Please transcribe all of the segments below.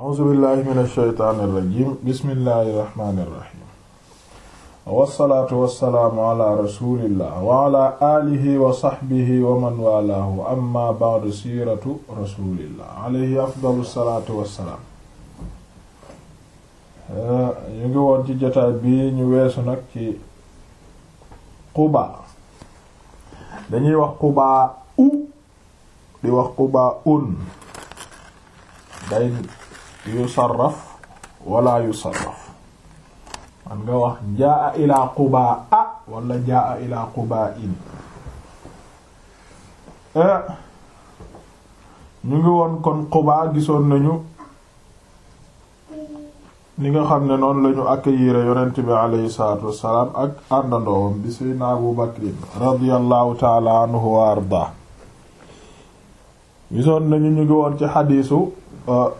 a'uuzu billahi min ashaytaani irrajim bismillahi irrahmaani irrahim wassalaatu alihi wa saxbihi wa walaahu amma ba'du siiratu rasulillah alayhi afdalu salaatu wassalaam ñu ngi woon ci jotaay bi ñu weesu nag ci Quba dañuy wax di wax Quba un yusarraf wala yusarraf man nga wax jaa ila qubaa wala jaa ila qubaa in eh, ñu ngi woon kon qubaa gisoon nañu ni nga xam ne noonu lañu accueillir yonent bi alayhi salaatu wassalaam ak àndandoowam bi sayna abu bakrin radiyallahu taala anhu wa arda gisoon nañu ñu ngi woon ci xadiisu eh,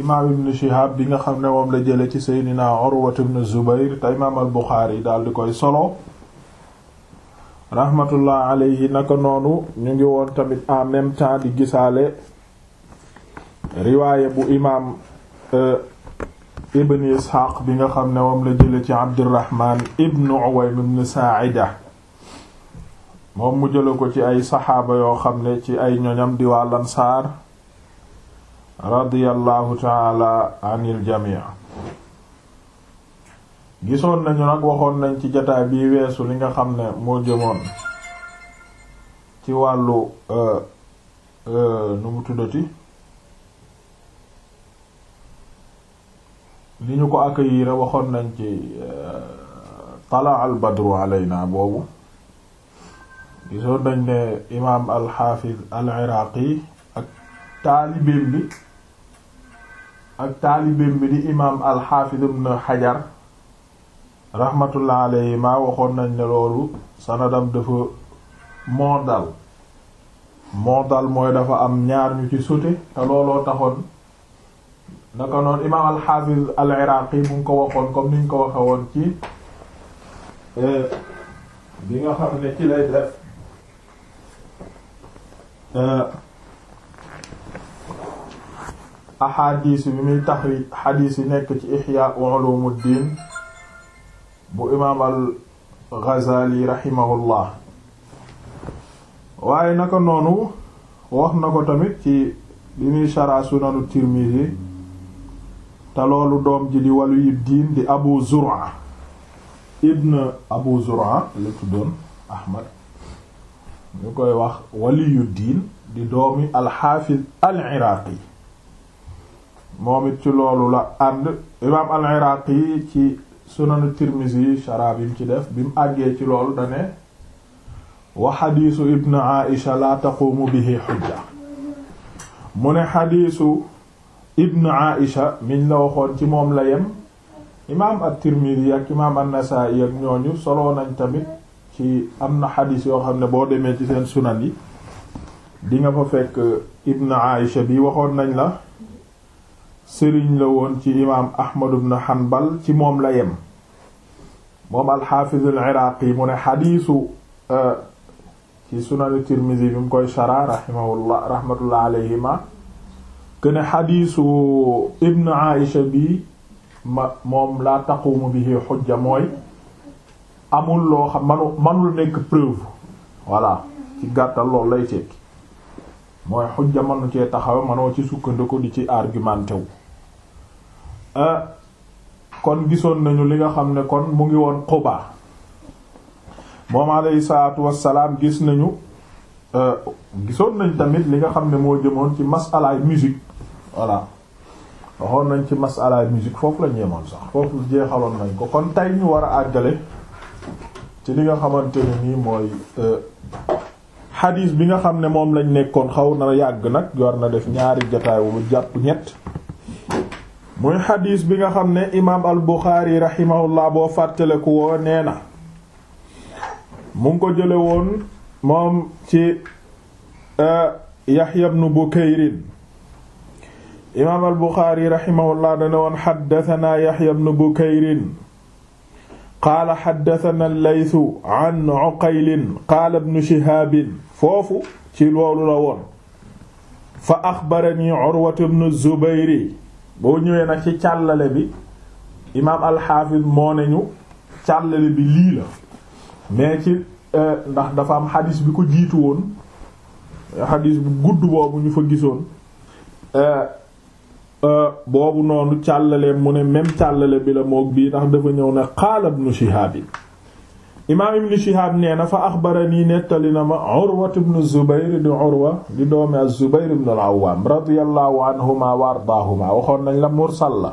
imaam ibn Shihab bi nga xam ne moom la jële ci seydina Urwa ibn Zubayr te imaam al Buxaari daal di koy solo rahmatullah alayhi naka noonu ñu ngi woon tamit en même temps di gisaale riwaaye bu imaam euh, ibn Isxaaq bi nga xam ne woom la jële ci Abdurrahman ibn Uwaym ibn Saa'ida moom mu jële ko ci ay saxaaba yoo xam ne ci ay ñoñam di waa radiyallahu taala anil jamii gisoon nañu nag waxoon nañ ci jataay bi weesu li nga xam ne moo jëmoon ci wàllu euh, euh, nu mu tuddati li ñu ko accueillir waxoon nañ ci euh, talaa al badru alayna boobu gisoon nañ ne imaam al xaafiz al iraaqi ak taalibeem bi ak taalibeem bi di imaam alxaafiz ibn xajar rahmatullah alayhi maa waxoon nañ ne loolu sanadam dafa moo dal moo dal mooy dafa am ñaar ñu ci sute te looloo taxoon naka noonu imaam alxaafiz al iraqi mu ngi ko waxoon comme niñ ko waxe woon ci e, bi nga xam ne ci lay def e, ahadis bi muy taxrij xadis yi nekk ci Ihya Ulumuddin bu imaam al-Ghazali rahimahullah waaye naka noonu wax na ko tamit ci li muy shara sunanu Tirmidhi te loolu doom ji di walu diin di Abu Zur'a ibn Abu Zur'a la tuddoon Ahmad ñu koy wax waliyu diin di doomi al al-Iraqi moom it ci loolu la ànd imaam al-Iraqi yi ci sunanu Tirmizi yi shara bi mu ci def bi mu àggee ci loolu dane wa xadiisu ibn Aisha la taqumu bihi xujja mu ne xadiisu ibn Aisha miñ la waxoon ci moom la yem imaam at-Tirmizi ak imaam an-Nasaa'i ak ñooñu soloo nañ tamit ci am na xadiis yoo xam ne boo demee ci seen sunan yi di nga fa fekk ibn Aisha bi waxoon nañ la sëriñ la woon ci imaam ahmad ibn hanbal ci moom la yem moom alxaafiz al iraaqi mu ne xadiisu euh, ci sunan tirmisi bi mu koy shara rahimahullah rahmatullah alayhima kuene xadiisu ibn aisha bi ma moom laa taqumu bihi xujja mooy amul loo xam manu manul nekk preuve voilà ci gàttal loolu lay tekki mooy xujja manu cee taxawe manoo ci sukkandiku di ci argumenté wu Ah, kon gisoon nañu li nga xam ne kon mu ngi woon Quba moom alayhi salaatu wassalaam gis nañu ah, gisoon nañu tamit li nga xam ne moo jëmoon ci masalaay musique voilà waxoon nañ ci masalaay musique foofu la ñu yemoon sax foofu jeexaloon nañ ko kon tey ñu war a àggale ci li nga xamante ne nii mooy xadiis ah, bi nga xam ne moom lañ nekkoon xaw na yàgg nag yor na def ñaari jataay wu jàpp ñett muy xadiis bi nga xam ne imaam al buxaari raximahullah boo fàttaleku woo nee na mu ko jële woon moom ci euh, yaxya ibnu bukayrin imaam al buxaari raximahullah dane woon xaddatanaa yaxya ibnu bukayrin qaala xaddatana allaysu an uqaylin qaala ibnu shihaabin foofu ci loolu la woon fa axbarani urwatu ibnu zubayri boo ñëwee nag ci càllale bi imaam alxaafis moo ne ñu càllale bi lii la mais ci euh, ndax dafa am xadis bi ko jiitu woon xadis bu gudd boobu ñu fa gisoon euh, euh, boobu noonu càllale mu ne même càllale bi la moog bii ndax dafa ñëw ne qaala ibnu bi imaam ibn Shihab nee na fa axbarani nettali na ma Urwa ibn Zubayr di Urwa di doomi az-Zubayr ibn al-Awwam anhuma wa ardaahuma waxoon nañ la mursal la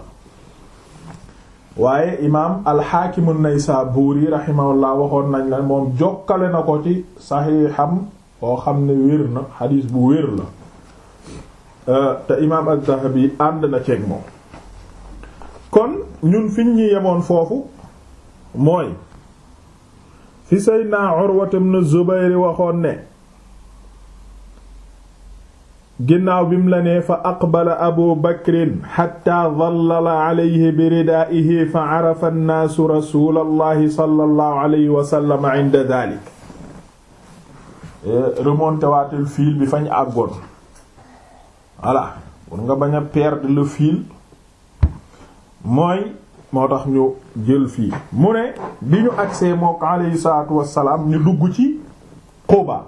waaye imaam al-Hakim an-Naysaburi rahimahullah waxoon nañ la moom jokkale na ko ci saxiixam boo xam ne wér na xadiis bu wér la euh, te imaam az-Zahabi ànd na ceeg moom kon ñun fiñ ñi yemoon foofu mooy fi Seydina Urwa ibn Zubayr waxoon ne ginnaaw bi mu la nee fa aqbala abu bakrin xatta dallala alayhi bi ridaa'ihi fa arafa nnaasu rasuulallahi sallallahu alayhi wa sallam inda daalik remonté waatul fil bi fañ àggoon voilà war nga bañ a perdre le fil mooy moo tax ñu jël fii mu ne bi ñu agsee mook alayhi salaatu wassalaam ñu dugg ci Quba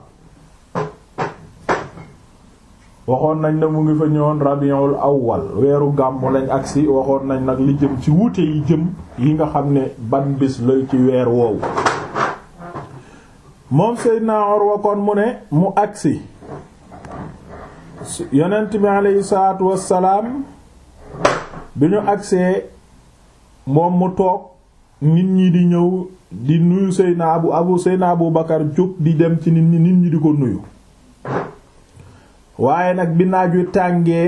waxoon nañ ne mu ngi fa ñëwoon rabiul awwal weeru gàmmu lañ agsi waxoon nañ nag li jëm ci wuute yi jëm yi nga xam ne ban bis lay ci weer woowu moom Seydina Urwa kon mu ne mu agsi yonent bi alayhi salaatu wassalaam bi ñu agsee moom mu toog nit ñi di ñëw di nuyu Seyna Abu Abu Seyna Abu Bakar jóg di dem ci nit ñi nit ñi di ko nuyu waaye nag bi naaj wi tàngee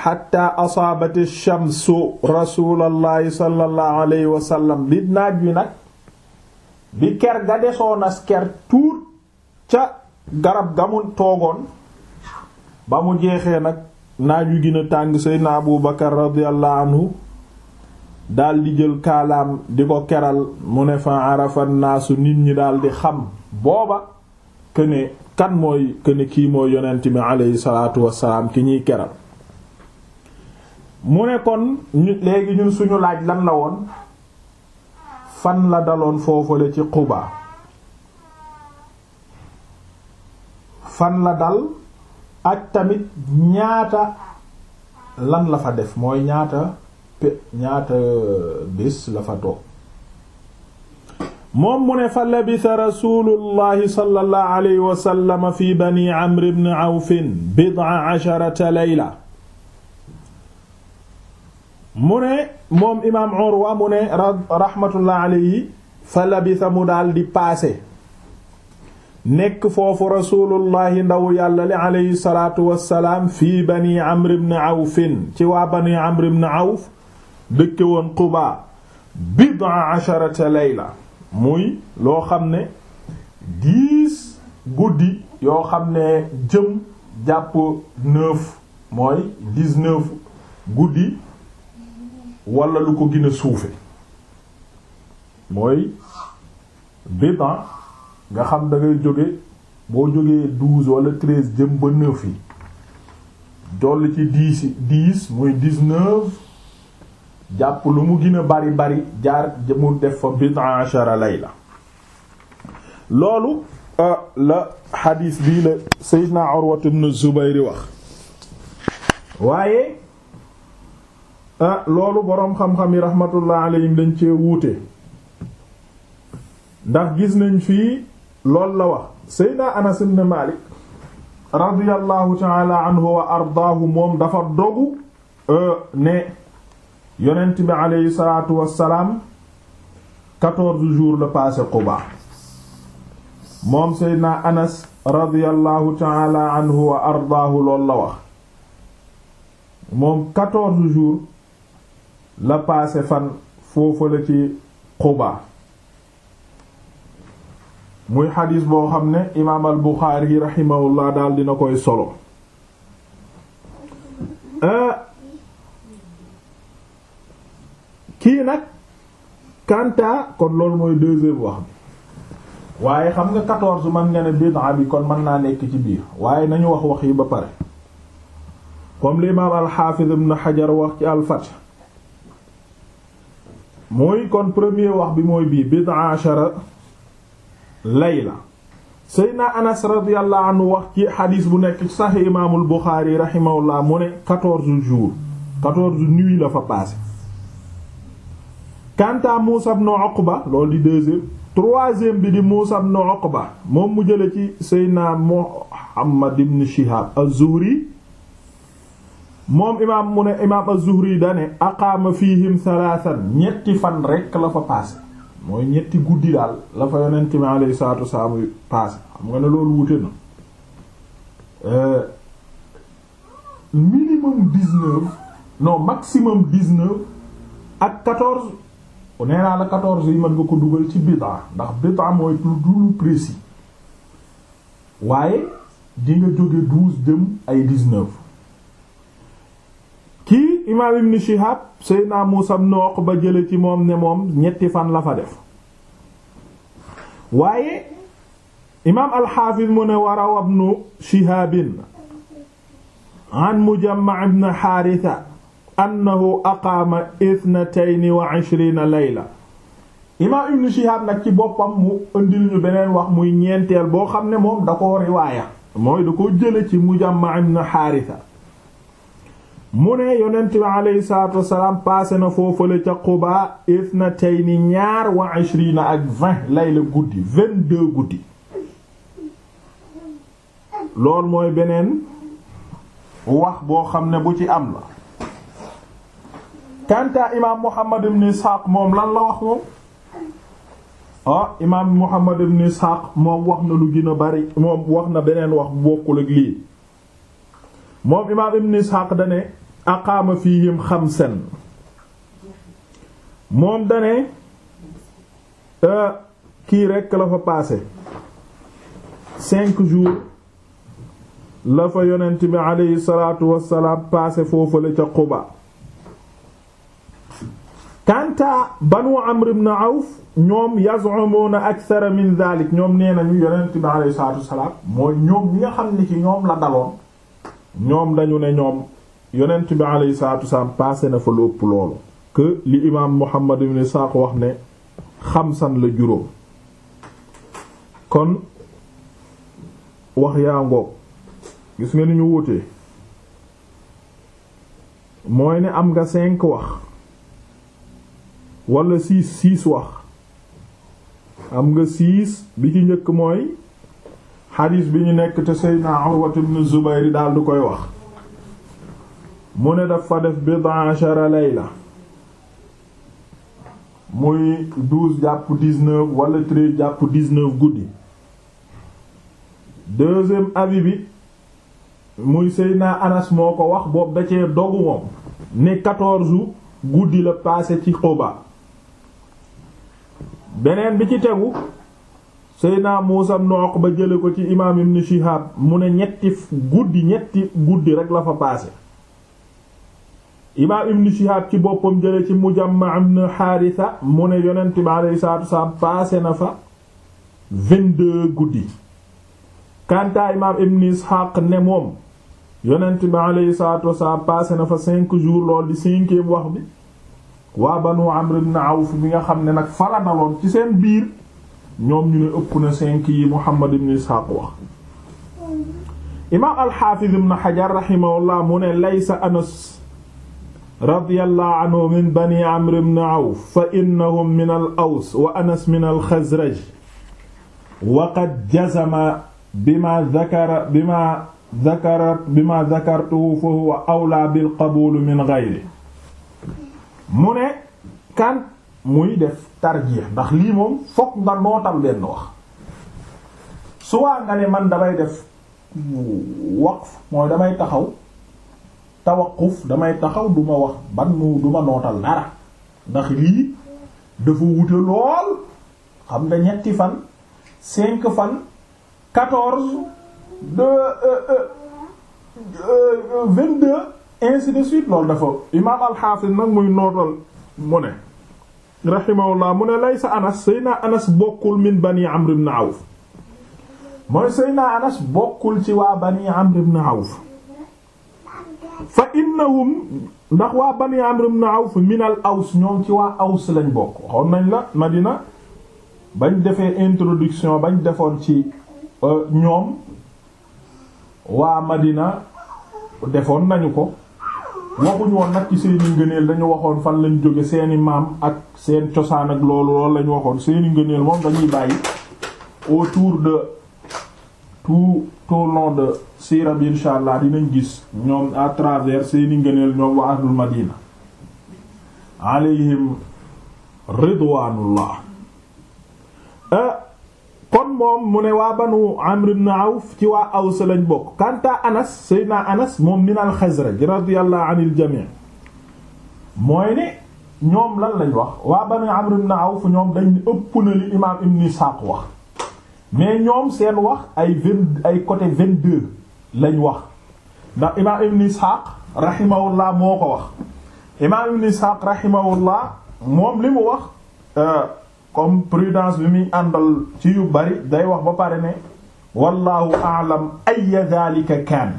xatta asaabati shamsu rasuulallahi sallallahu alayhi wa bi naaj wi nag bi ker ga desoonas ker tuut ca garab ga mu toogoon ba mu jeexee nag naaj wi gën a tàng Seyna Abu Bakar radiyallahu anhu daldi di jël kaalaam di ko keral mu ne fa arafa naasu nit ñi daal di xam booba këne kan mooy këne kii mooy yonent bi aleyhi salaatu wassalaam ki ñuy keral mu ne kon léegi ñun suñu laaj lan la woon fan la daloon foofale ci Quba fan la dal ak tamit ñaata lan la fa def mooy ñaata ñaata bés la fa toog moom mu ne fa labisa rasulullahi sallallahu alayhi wa sallam fi bani amr ibn awf bid'a asharata layla mu ne moom imaam Urwa mu ne rahmatullah alayhi fa labisa mu daal di paase nekk foofu rasulullahi ndaw yàlla li alayhi salaatu wassalaam fii bani amr ibn awf ci waa bani amr ibn awf dëkke woon Quba bid'a asharata layla muy loo xam ne dix guddi yoo xam ne jëm jàpp neuf mooy dix-neuf guddi wala lu ko gën a suufe mooy bid'a nga xam dangay jóge boo jógee douze wala treize jëm ba neuf yi dolli ci dix dix muy dix-neuf jàpp lu mu gën bari bari jaar mu def fa bid'a ashara layla loolu euh, la xadiis bii la Seydina Urwa ibn Zubayr wax waaye euh, loolu boroom xam-xam yi rahmatullah alayhim dañ cee wuute ndax gis nañ fii loolu la wax Seydina Anas ibn Malik radiyallahu ta'ala anhu wa ardaahu moom dafa dogu euh, ne yonent bi aleyhi salaatu wassalaam quatorze jours la passé Quba moom seydna anas radiallahu taala anhu wa ardaahu loolu la wax moom quatorze jours la passé fan foofu la ci Quba muy xadis boo xam ne imaam al Buxaari rahimahullah daal dina koy solo euh, lii nag kanta kon loolu mooy deuxième wax bi waaye xam nga quatorze man nga ne bid'a bi kon mën naa nekk ci biir waaye nañu wax wax yi ba pare comme l'imam al-Hafiz ibn Hajar wax ci al mooy kon premier wax bi mooy bii bid'a ashara layla Seydina Anas radiyallahu anhu wax ci xadiis bu nekk ci Sahih imaamul Buxaari rahimahullah mu ne quatorze jours la fa passé kanta Muusa ibn Uqba loolu di deuxième bi di Muusa ibn Uqba moom mu jële ci Seydina Muhammad ibn Shihab az-Zuhri moom imaam mu ne imaam az dane aqaama fihim thalathan ñetti fan rekk la fa passé mooy ñetti guddi daal la fa yonent mi alayhi salaatu wasalaam passé xam nga ne loolu wute na euh, minimum dix-neuf maximum dix ak quatorze nee naa la yi mën nga ko dugal ci bid'a ndax bid'a mooy lu précis waaye di nga jóge douze ay dix-neuf kii imaam ibn Shihab Seydina Muusaa ibn Uqba jële ci moom ne moom ñetti fan la fa def waaye imaam al-Hafiz mu ne waraw ibn Shihabin an Mujamma' ibn Haritha anna aqaama ithnatayni wa ishrina layla imaam ibn Shihab nag ci boppam mu indil ñu beneen wax muy ñeenteel boo xam ne moom da ko riwaaya mooy da ko jële ci Mujamma ibn Haritha mu ne yonent bi aleyhi salaatu wasalaam paase na foofale ca Quba ithnatayni ñaar wa ishrina ak vingt layla guddi vingt-deux guddi lool mooy beneen wax boo xam ne bu ci am la kanta imaam Muhammad ibn Ishaq moom lan la wax moom ah imaam Muhammad ibn Ishaq moom wax na lu gën bari moom wax na beneen wax bokkul ak lii moom imaam ibn Ishaq dane aqaama fihim xamsan moom dane euh, kii rekk la fa passé cinq jours la fa yonent bi aleyhi salaatu wassalaam passé foofu la ca Quba kanta banu amr ibn auf ñoom yaz'umuna akthara min dhalik ñoom nee nañu yonent bi alayhi salaatu wasalaam mooy ñoom ñi nga xam ne ñoom la daloon ñoom dañu ne ñoom yonent bi alayhi salaatu wasalaam passé na fa lu ëpp loolu que li imaam muhammad ibn isaaq wax ne xamsan la juróom kon wax yaa ngoog gis nga ni ñu wutee mooy ne am nga cinq wax wala siis siis wax am nga siis bi ci njëkk mooy xadiis bi ñu nekk te Seydina Urwa ibn Zubayr daal du koy wax mu ne dafa def bid'a ashara la muy douze jàpp dix jàpp dix-neuf guddi deuxième avis bi muy Seydina Anas moo ko wax boobu da cee dogu moom ne quatorze guddi la passé ci Quba beneen bi ci tegu Seydina Muusa ibn ba jële ko ci imaam Ibn Shihab mu ne ñetti guddi ñetti guddi rek la fa paase imaam Ibn Shihab ci boppam jële ci Mujamma ibn Haritha mu ne yonent bi alayhi salaatu wasalaam paase na fa vingt-deux guddi kanta imaam Ibn Ishaq ne moom yonent bi alayhi paase na fa cinq jours lool di cinquième wax bi waa banu amr ibn awf bi nga xam ne nag fara daloon ci seen biir ñoom ñu ne ëpp na cinq yi muhammad ibn ishaq wax imaam alxaafiz ibn xajar raximahullah mu ne laysa anas radiyallahu anhu min bani amr ibn awf fa innahum min al aws wa anas min al xazraj wa qad jazama bima dakara bima dakara bima dakartuhu fa huwa awlaa bil qabuul min gayrihi mu ne kan muy def tarjiix ndax lii moom fokk nga nootal benn wax suwaa nga ne man damay def waqf mooy damay taxaw tawaquf damay taxaw duma wax ban mu duma nootal dara ndax lii dafa wute lool xam nga ñetti fan cinq fan quatorze deux euh, euh, euh, ainsi de suite loolu dafa imaam alxaafis nag muy nootal mu ne rahimahullah mu ne laysa anas sayna anas bokkul min bani amr ibn awf mooy sayna anas bokkul ci waa bani amr ibn awf fa innahum ndax waa bani amr ibn awf min al ñoom ci waa aws lañ bokk waxoon nañ la madina bañ defee introduction bañ defoon ci euh, ñoom waa madina defoon nañu ko waxuñu woon nag ci seeni ngëneel dañu waxoon fan lañ jóge seeni maam ak seen cosaan ak loolu loolu lañu waxoon seeni ngëneel moom dañuy bàyyi autour de tout au long de sira bi allah dinañ gis ñoom à travers seeni ngëneel ñoom wa madina alayhim ridwanullah eh, kon moom mu ne waa banu amr ibn awf ci waa aws lañ bokk kanta anas seydna anas moom min al xazraj radiyallahu anil jami mooy ne ñoom lan lañ wax waa banu amr ibn awf ñoom dañ ëpp na li imam ibn isxaaq wax mais ñoom seen wax ay vingt ay côté vingt-deux lañ wax ndax imam ibn isxaaq moo ko wax imam ibn isxaaq moom li mu wax euh, comme prudence bi muy àndal ci yu bari day wax ba pare ne wallahu a'lam ay dhalika kaan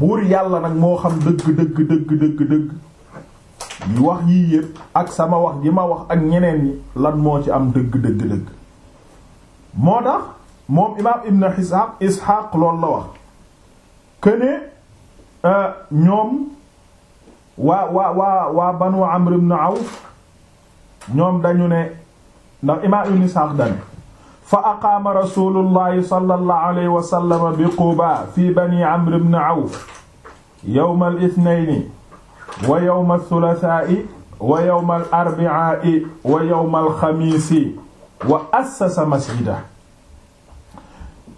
buur yàlla nag moo xam dëgg dëgg dëgg dëgg dëgg wax yii yëpp ak sama wax gi ma wax ak ñeneen yi lan moo ci am dëgg dëgg dëgg moo tax moom imaam ibn Hishaam Isxaaq loolu la wax këne euh, ñoom waa waa waa waa Banu Amr ibn Awf ñoom dañu ne ndax imaam ibn Isxaaq dane fa aqaama rasulullahi sallallahu alayhi wa sallam bi Quba fi bani Amr ibn Awf yawma al-ithnayni wa yawma ath-thulathaa'i wa yawma al-arba'aa'i wa yawma al-khamiisi wa assasa masjidah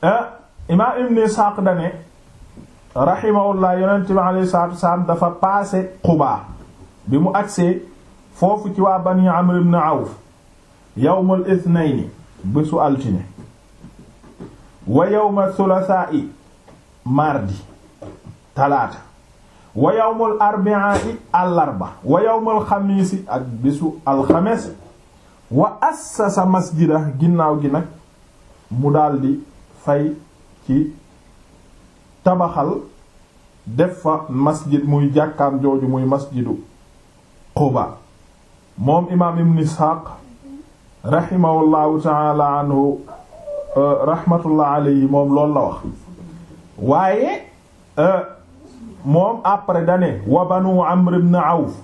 eh, imaam ibn Isxaaq dane rahimahullah yonent bi alayhi salaatu wa salaam dafa paase Quba bi mu agsee foofu ci waa bani Amr ibn Awf yawmal ithnayni bésu altine wa yawmal thulathaa'i mardi talaata wa yawmal arbi'aa'i àllarba wa yawmal xamiisi ak bésu alxames wa assasa masjida ginnaaw gi nag mu daldi fay ci tabaxal def fa masjid muy jàkkaam jooju muy masjidu Quba moom imaam ibn Isxaaq rahimahullahu taala anhu euh, rahmatullah alayhi moom loolu la wax waaye euh, moom après dane wa banu amr ibn awf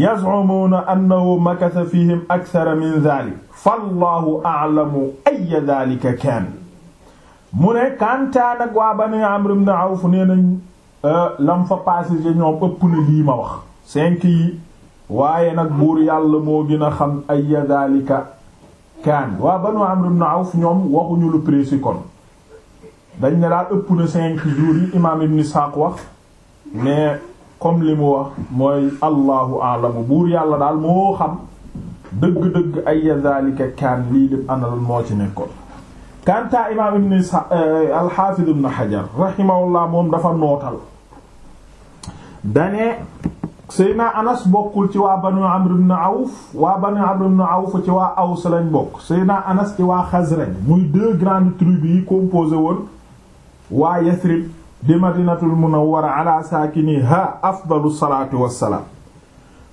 yaz'umuna annahu makatha fihim akthara min dhalik fallahu a'lamu ay dhalika kaan mu ne kantaa nag waa banu amr ibn awf nee nañ euh, lam fa passé ci ñoom ëpp na lii ma wax cinq yi waaye nag buur yàlla moo gën a xam ay dhalika kaan waa banu Amr ibn Awf ñoom waxuñu lu précis kon dañ ne daal ëpp na cinq jours yi imaam ibn Isaaq wax mais comme li mu wax mooy allahu alamu buur yàlla daal moo xam dëgg-dëgg ay zalika kaan lii lépp ana moo ci nekkoon kanta imaam ibn Isaaq eh, al-Hafiz ibn Hajar rahimahullah moom dafa nootal dane Seyna Anas bokkul ci waa Banu Amr ibn Awf waa Banu Amr ibn Awf ci waa Aws lañ bokk Seyna Anas ci waa Xasraj muy deux grandes tribus yi composé woon waa Yathrib di Madinatul Munawwara ala saakiniha afdalu salaatu wassalaam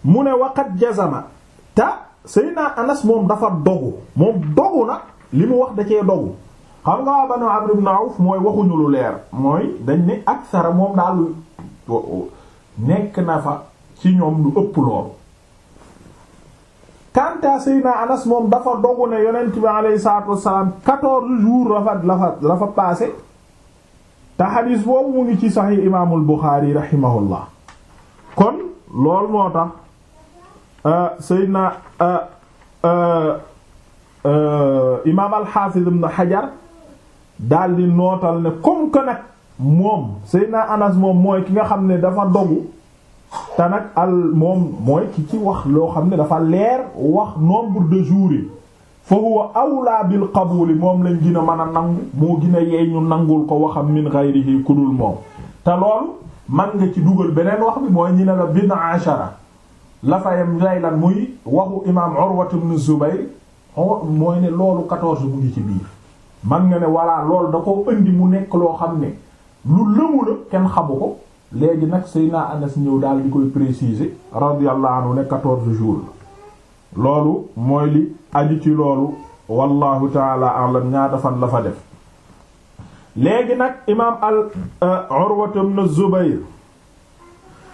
mu ne waqat jazama te Seyna Anas moom dafa dogu moom dogu na li mu wax da cee dogu xam nga waa Banu Amr ibn Awf mooy waxuñu lu leer mooy dañ ne aksara moom daal nekk na fa ci ñoom lu ëpp loolu kanta Seydina Anas moom dafa dogu ne yonent bi alayhi salaatu wassalaam quatorze jours la fa la fa la mu ngi ci saxiix imaamul Buxaari rahimahullah kon loolu moo tax euh, Seydina euh, euh, imaam al-Xaafiz ibn Hajar daal di nootal ne comme moom Seydina Anas moom mooy ki nga xam ne dafa dogu te nag al moom mooy ki ci wax loo xam ne dafa leer wax nombre de jours yi fa huwa awla moom lañ gina mën a nangu moo gën a yeey ñu nangul ko waxam min ghayrihi ku moom te lool man nga ci dugal beneen wax bi mooy ñi ne la bin ashara la laylan muy waxu imaam Urwat ibn mooy ne loolu quatorze mu ngi ci biir man nga ne walla loolu da ko indi mu nekk loo xam ne lu lëmu kenn xabu ko léegi nag Seydina Anas ñëw daal di koy préciser radiyallahu anhu ne quatorze jours loolu mooy li aju ci loolu wallahu taala alam ñaata fan la fa def léegi nag imaam al euh, Urwatu ibn Zubayr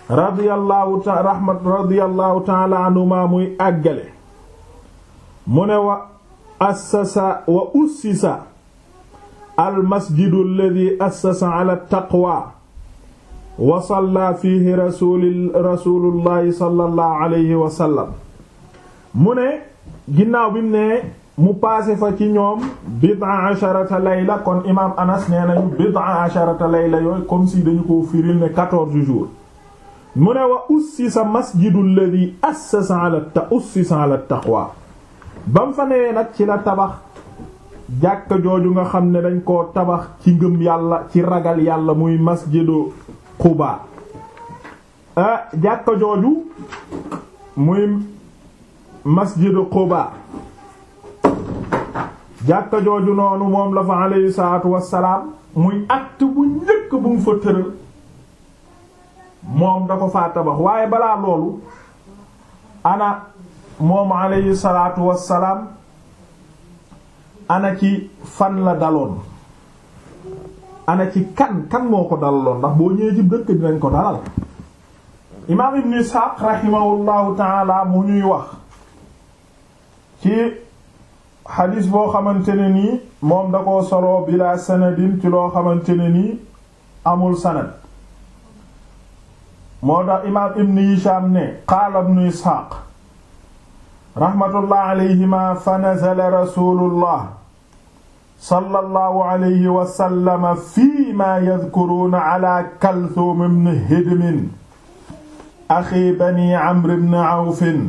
radiyallahu ta rahmat radiyallahu taala anhuma muy àggale mu ne wa assasa wa ussisa al masjidu alladhi assasa ala taqwa wa salla fiihi rasuli rasulullahi sallallahu alayhi wa mu ne ginnaaw bi mu ne mu paase fa ci ñoom bid'a asharata layla kon imaam anas nee nañu bid'a asharata layla yooyu comme si dañu ko firil ne quatorze jours mu ne wa ussisa masjidu alladhi assasa ala ta ussisa ala taqwa ba mu fa newee nag ci la tabax jàkka jooju nga xam ne dañ koo tabax ci ngëm yàlla ci ragal yàlla muy masjidu Quba ah jàkka jooju muy masjidu Quba jàkka jooju noonu moom la fa alayhi salaatu wassalaam muy acte bu njëkk bu mu fa tëral moom da ko faa tabax waaye balaa loolu ana moom alayhi salaatu wassalaam ana ci fan la daloon ana ci kan kan moo ko dalaloon ndax boo ñëwee ci dëkk dinañ ko dalal imaam ibn Isxaaq rahimahullahu taala mu ñuy wax ci xadiis boo xamante ne nii moom da koo soloo bila sanadin ci loo xamante ne nii amul sanad moo tax imaam ibn Hishaam ne qaala ibn Isxaaq rahmatullah alayhima fa nazala rasulullah sallallahu alayhi wa sallam fii ma yadkuruuna ala kalthum ibn hidmin axi bani amr ibn awfin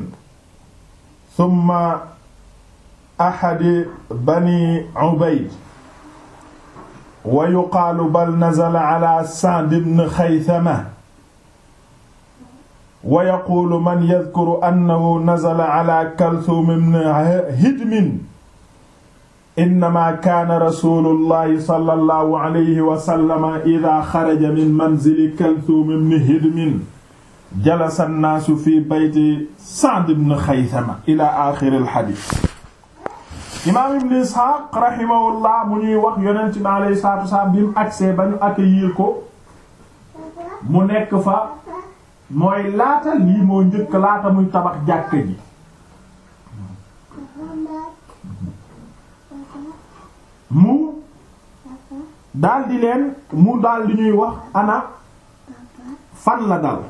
summa axadi bani ubayd wa yuqaalu bal nazala ala sa'd ibn xaysama wa yaquulu man yadkuru annahu nazala ala kalthum ibn hidmin innama kaana rasulullahi sallallahu alayhi wa sallama ida xaraja min manzili kalsuum ibn hidmin jalasa annaasu fi bayti sa'd ibn xaysama ila axiri alxadis imaam ibn isxaaq rahimahullah bu ñuy wax yonent bi alayhi salaatu wasalaam bi mu agsee ba ñu accueillir ko mu nekk fa mooy laata lii moo njëkk laata muy tabax jàkk ji daal di leen mu daal ñuy wax ana fan la dal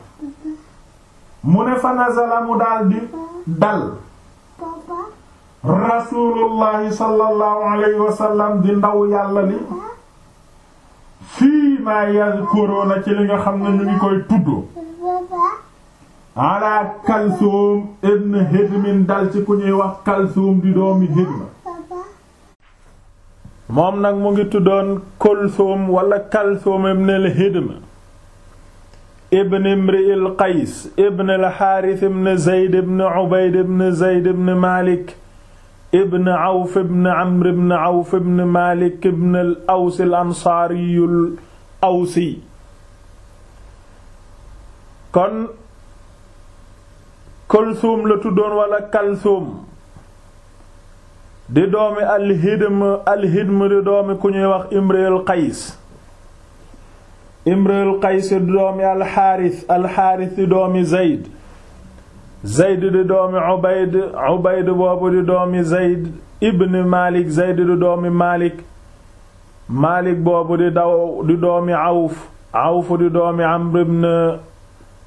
mu ne fa nazala mu daal di dal rasulullahi sallallahu alayhi wa di ndaw yàlla li fii maa yadkuruuna ci li nga xam ne ñu ngi koy tudd ala Kalsuum ibn Hidmin dal ci ku ñuy wax Kalsuum di doomi Hidma moom nag mu ngi tuddoon Kulthum wala Kalthum ibn al-Hidm ibn Imri al-Qays ibn al-Harith ibn Zayd ibn Ubayd ibn Zayd ibn Awf ibn Amr ibn Awf ibn Malik ibn al-Aws al-Ansari al-Awsi kon Kulthum la tuddoon wala Kalthum di doomi alhidm alhidm di doomi ku ñuy wax imreel qays imreel qays di doomi alxaaris alxaaris di doomi zayd zayd di doomi ubayd ubayd boobu di doomi zayd ibn malik zayd di doomi malik malik boobu di daw di doomi awf awf di doomi amr ibn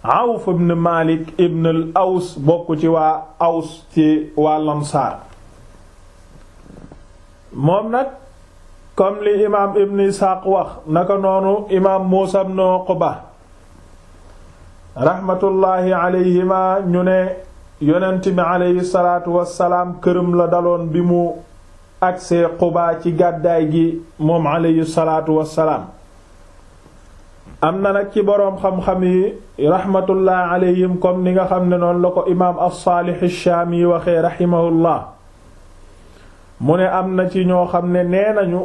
awf ibn malik ibn aws bokk ci waa aws ci waa lamsaar moom nag comme li imaam ibn Isxaaq wax naka noonu imaam Muusa ibn Uqba raxmatullaahi alayhima ñu ne yonent bi aleyhi salaatu wassalaam këram la daloon bi mu agsee Quba ci gàddaay gi moom aleyhi salaatu wassalaam am na nag ci boroom xam-xam yi raxmatullaahi alayhim comme ni nga xam ne noonu la ko imaam as-Saalih shaami waxee raximahullah mu ne am na ci ñoo xam ne nee nañu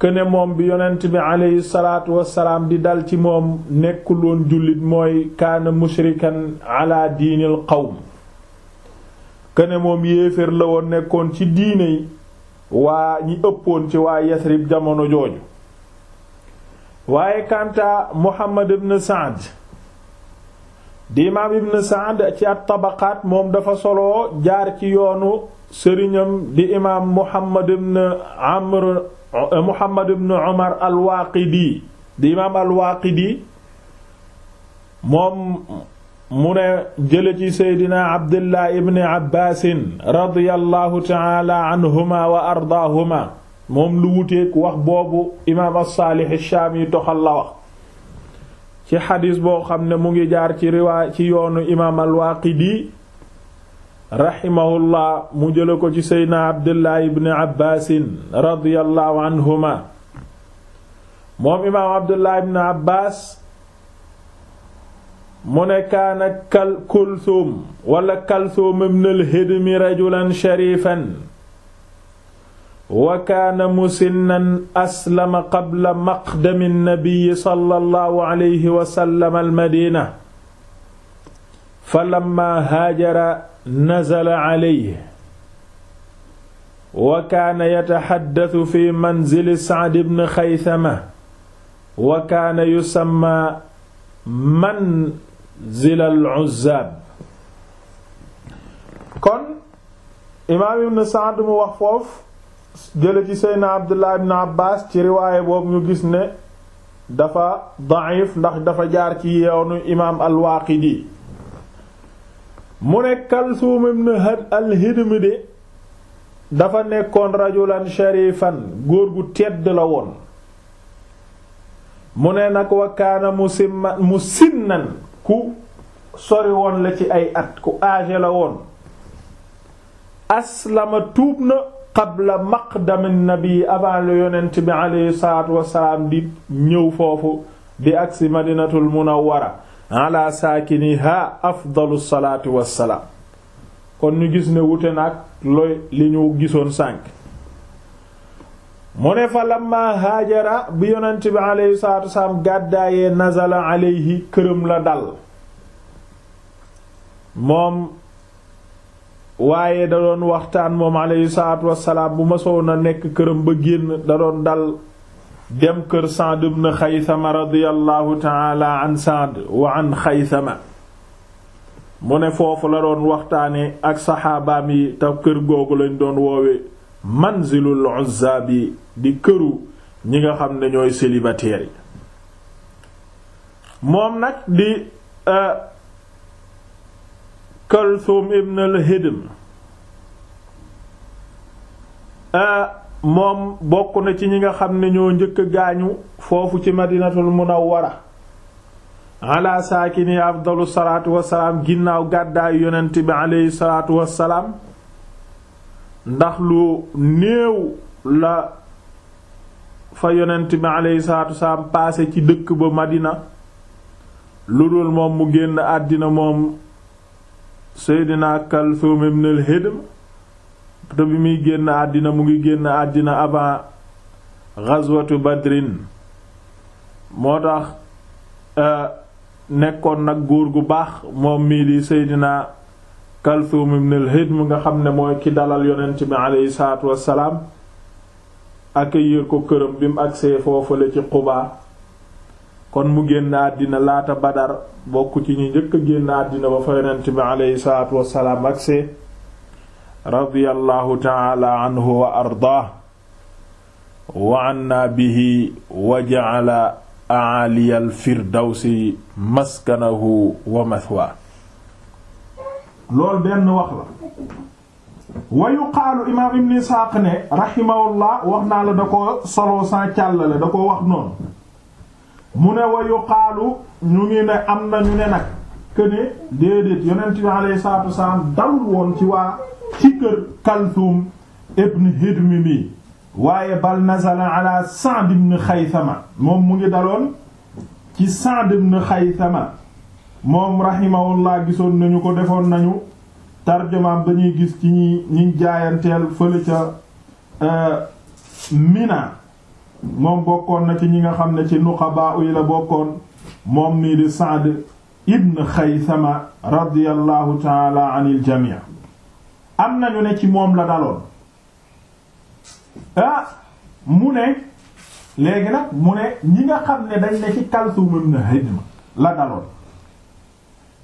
këne moom bi yonent bi aleyhi salaatu wassalaam di dal ci moom nekkul nekkuloon jullit mooy kaana mushrikan ala diinil qawm këne moom yéeféer la woon nekkoon ci diine yi waa ñi ëppoon ci waa yasrib jamono jooju waaye kanta muhammad ibn saad di imaam ibn ci at tabakaat moom dafa solo jaar ci yoonu sëriñam di imaam Muhammad ibn Amr eh, Muhammad ibn Umar al-Waaqidi di imaam al-Waaqidi moom mu ne jële ci seydina Abdullah ibn Abbaasin radiyallahu ta'ala anhuma wa ardaahuma moom lu wuteek wax boobu imaam as-Saalih shaami toxal la wax ci xadiis boo xam ne mu ngi jaar ci riwaay ci yoonu imaam al-Waaqidi raximahullah mu jële ko ci seydna abdullah ibni abbaasin radiallahu anhuma moom imaam abdullah ibni abbaas mu ne kaana kal kulthum wala kalthum ibn al-hidmi rajulan sharifan wa kaana musinnan aslama qabla maqdami an-nabi sallallahu alayhi wa sallam al-madina falamma haajara nazala alayhi wa kaana yataxaddasu fi manzili Sa'd ibn Xaysama kon imaam ibn Sa'd mu wax foofu jële ci Seydina Abdullah ibn Abbaas ci riwaaye boobu ñu gis ne dafa da'if ndax dafa jaar ci yoonu imaam al-Waaqidi mu ne Kalsuum ibn al-Hidm dafa nekkoon rajulan sharifan góor gu tedd la woon mu ne nag wa kaana ku sori woon la ci ay at ku âgé la woon aslama tuub na qabla maqdami nabi avant le yonent bi aleyhi salaatu wasalaam di ñëw foofu di agsi madinatul munawwara ala saakiniha afdalu salaatu wassalaam kon ñu gis ne wute nag looy li ñu gisoon sànk mu ne fa lamma haajara bi yonent bi aleyhi salaatu wassalaam gàddaayee nazala aleyhi këram la dal moom waaye da doon waxtaan moom aleyhi salaatu wassalaam bu ma sow na nekk këram ba génn da doon dal dem kër Saad ibn Xaysama radiyallahu taala an Saad wa an Xaysama mu ne foofu la doon waxtaane ak saxaabaam yi te kër googu lañ doon woowe manzilul uzzaab yi di këru ñi nga xam ne ñooy célibataires yi moom nag di euh, Kalthum ibn al-Hidm euh, moom bokk na ci ñi nga xam ne ñoo njëkk gaañu foofu ci madinatul munawwara ala saakini afdalu salaatu wasalaam ginnaaw gàddaayu yonent bi aleyhi salaatu wasalaam ndax lu néew la fa yonent bi aleyhi salaatu wasalaam paase ci dëkk ba madina lu dul moom mu génn àddina moom seydina kalthum ibn al hidm te bi muy génn àddina mu ngi génn àddina avant ghazwatu badrin moo tax euh, nekkoon nag góor gu baax moom mii di seydina kalthum ibn al-hidm nga xam ne mooy ki dalal yonent bi aleyhi salaatu wassalaam accueillir ko këram bi mu agsee foofale ci Quba kon mu génn àddina laata Badar bokk ci ñi njëkk a génn àddina ba fa yonent bi aleyhi salaatu wassalaam agsee radiyallahu taala anhu wa ardaah wa anna bihi wa ja'ala a'aliyal firdawsi maskanahu wa mathwa loolu benn wax la wa yuqaalu imaam ibn Isaaq ne rahimahullah wax naa la da ko solo sans càllale da ko wax noonu mu ne wa yuqaalu ñu ngi ne am na ñu ne nag ne déedéet yonent bi salaatu wasalaam dalul woon ci waa ci kër Kalthum ibn Hidm waaye bal nazala ala Sa'd ibn Xaysama moom mu ngi daloon ci Sa'd ibn Xaysama moom rahimahullah gisoon nañu ko defoon nañu tarjumaam dañuy gis ci ñi jaayanteel fële ca euh, Mina moom bokkoon na ci ñi nga xam ne ci nuqaba yi la bokkoon moom nii di Sa'd ibn Xaysama radiyallahu ta'ala anil jami' am nañu ne ci moom la daloon ah mu ne léegi nag mu ne ñi nga xam ne dañ ne ci Kalsuum ibn Hidma la daloon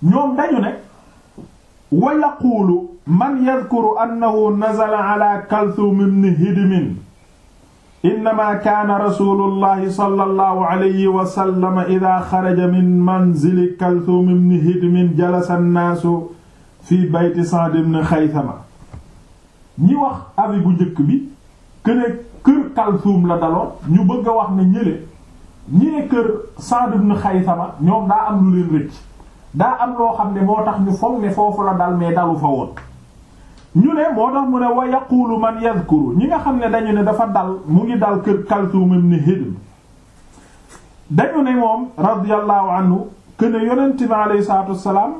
ñoom dañu ne wa yaquulu man yadkuru annahu nazala ala Kalsuum ibn Hidmin innama kaana rasulullahi sallallahu alayhi wa sallam idaa xaraja min manzili Kalsuum ibn Hidmin jalasa annaasu fi bayti Sa'd ibn Xaysama ñi wax abi bu njëkk bi këne kër Kalsuum la daloon ñu bëgg a wax ne ñële ñi ne kër Sa'd ibn Xaysama ñoom daa am lu leen rëcc daa am loo xam ne moo tax ñu foog ne foofu la dal mais dalu fa woon ñu ne moo tax mu ne wa yaqulu man yadhkuru ñi nga xam ne dañu ne dafa dal mu ngi dal kër Kalsuum ibn Hidm dañu ne moom radiyallahu anhu këne yonent bi alayhi salaatu wassalaam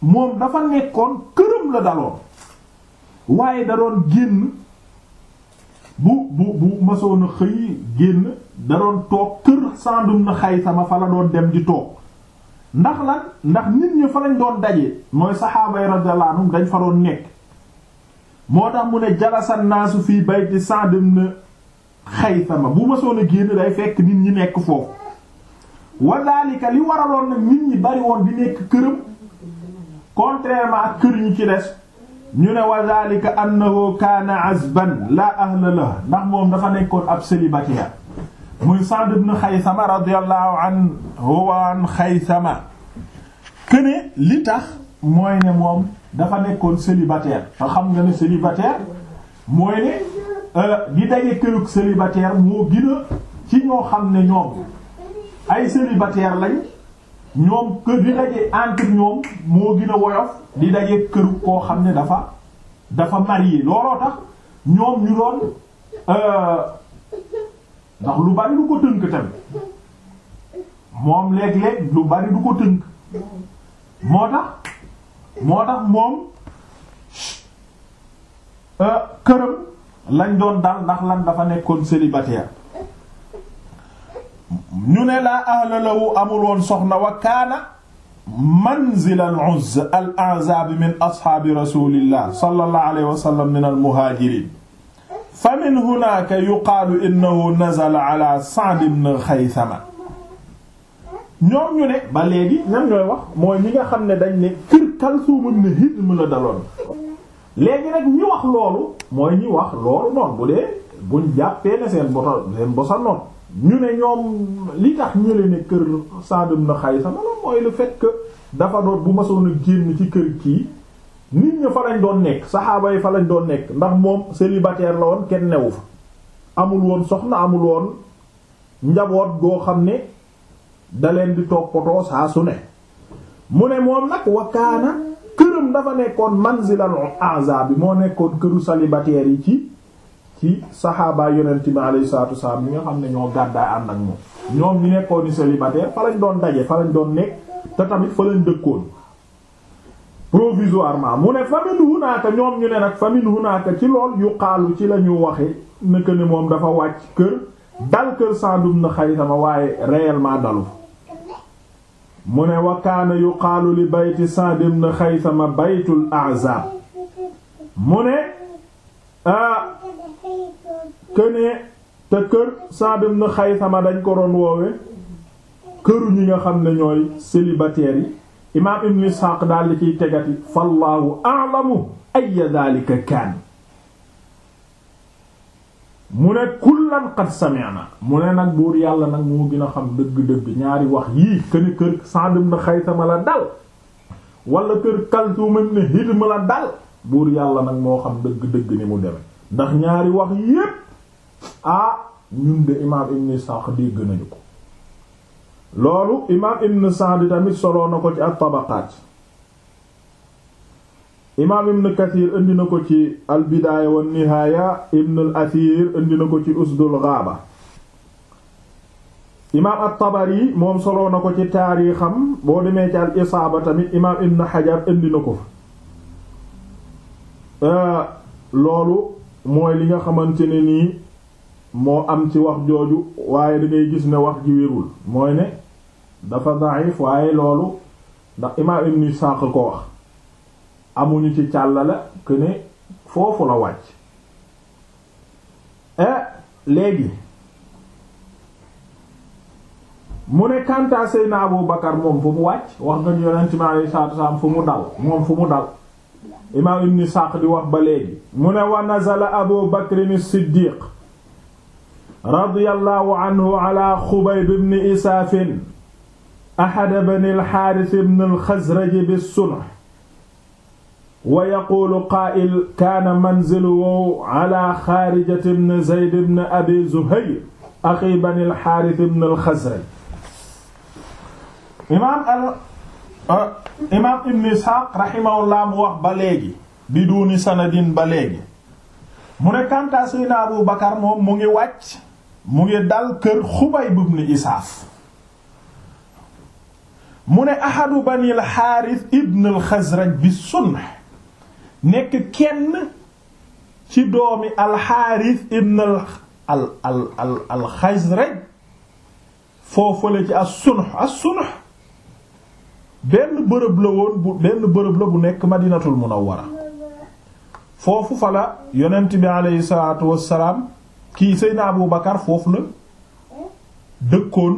moom dafa nekkoon këram la daloon waaye da doon génn bu bu bu masoon xëy génn da doon toog kër sandum xaysa ma sama fa la dem di toog ndax la ndax nit ñi fa lañ doon daje mooy saxaaba yi radiyallahu dañ fa doon nekk moo tax mu ne jalasa naasu fii bayti sandum na xay sama bu masoon a génn day fekk nit ñi nekk foofu wadaalika li waraloon nag nit ñi bari woon nekk këram contrairement ak kër ñu ci des ñu ne wa zalika annahu kaana azban la ahla la ndax moom dafa nekkoon ab célibataire muy Sa'd ibn Xaysama radiyallahu anhu wa an Xaysama këne li tax mooy ne moom dafa nekkoon célibataire te xam nga ne célibataire mooy ne euh, di daje kërug célibataire moo gën ci ñoo xam ne ñoom ay célibataire lañ ñoom kër di daje entre ñoom moo gën a woyof di daje këru koo xam ne dafa dafa marié looloo tax ñoom ñu doon euh, ndax lu bari du ko tënk tamit moom léeg-léeg lu bari du ko tënk moo tax moom euh, këram lañ doon dal ndax lan dafa nekkoon célibataire ñu ne laa ahla lahu amul woon soxna wa kaana manzil al uzz al a'zab min ashaabi rasulillah sallallahu alayhi wa sallam min al ñoom ñu ne ba léegi ñan ñooy wax mooy ñi nga xam ne dañ ne kër Kalsuum ibn Hizm la daloon léegi nag ñi wax loolu mooy ñi wax loolu noonu bu dee buñ jàppee ne seen seen bosa noonu ñu ne ñoom li tax ñu ne ne kër Saad ibn Xaysa manoon mooy le fait que dafa doon bu masoon a génn ci kër kii nit ñi fa lañ doon nekk saxaaba yi fa lañ doon nekk ndax moom célibataire la woon kenn newu fa amul woon soxna amul woon njaboot goo xam ne da leen di toppatoo saa su ne mu ne moom nag wakaana këram dafa nekkoon manzilal anza bi moo nekkoon këru célibataire yi ci ci saxaabaa yonent bi alayhi salaatu wasalaam ñi nga xam ne ñoo gàddaay ànd ak moom ñoom ñi nekkoon ni célibataire fa lañ doon daje fa lañ doon nekk te tamit fa lañ dëkkoon provisoirement mu ne famin hunaaka ñoom ñu ne nag famin hunaaka ci lool yu xaalu ci la ñu waxe naka ni moom dafa wàcc kër dal kër sandum na xaysama waaye réellement dalu mu ne wa yu yuqaalu li bayti sandum na xaysama baytul ahzaab mu ne ah, kënee te kër Sa'd ibn Xaysama dañ ko doon woowe këru ñi nga xam ne ñooy célibataires yi imaam ibn Ishaq daal di ciy tegati fallaahu a'lamu ayya dhalika kaan mu ne kullan qad mu ne nag buur yàlla nag moo gën a xam dëgg-dëgg ñaari wax yii këne kër Sa'd ibn Xaysama la dal wala kër Kalsuum ibn Hidm la dal buur yàlla nag moo xam dëgg-dëgg ni mu deme ndax ñaari wax yépp ah ñun de imaam ibn Sa'd dégg nañu ko loolu imaam ibn Sa'd tamit soloo na ko ci at-Tabaqaat imaam ibn Kathir indi na ko ci al-Bidaaya wa Nihaaya ibn al indi na ko ci Usdul Ghaaba imaam at-Tabari moom soloo na ko ci taarixam boo demee ci al-Isaaba tamit imaam ibn Hajar indi na ko fa euh, loolu mooy li nga xamante ne moo am ci wax jooju waaye da gis ne wax ji wérul mooy ne dafa da'if waaye loolu ndax imaam ibn Isaaq ko wax amuñu ci càllale que ne foofu la wàcc eh léegi mu ne Kanta Seyna Abu Bakar moom fu mu wàcc wax nga ñu yonent mi alayhi salaatu wa fu mu dal moom fu mu dal. imaam ibn Isxaaq di wax ba léegi mu ne wa nazala abu bakrin siddiq radiyallahu anhu ala xubayb ibn isaafin axad bani alxaaris ibn alxasraji bissunx wa yaquulu qaa'il kaana manziluhu ala xaarijat ibn zayd ibn abi zuhayr axi bani alxaaris ibn alxasraj imaam Ah, imaam ibn Isxaaq rahimahullah mu wax ba léegi bi sanadin ba léegi mu ne kantaa Abu Bakar moom mu ngi wàcc mu ngi dal kër Xubayb ibn Isaaf mu ne ahadu bani al-Haaris ibn al-Xazraj bi Sunh nekk kenn ci doomi al-Haaris ibn al al al al al-Xazraj foofule ci as-Sunh as-Sunh benn bërëb la woon bu benn bërëb la bu nekk madinatul munawwara foofu fa la yonent bi aleyhi salaatu wassalaam kii Seydina Abu Bakar foofu la dëkkoon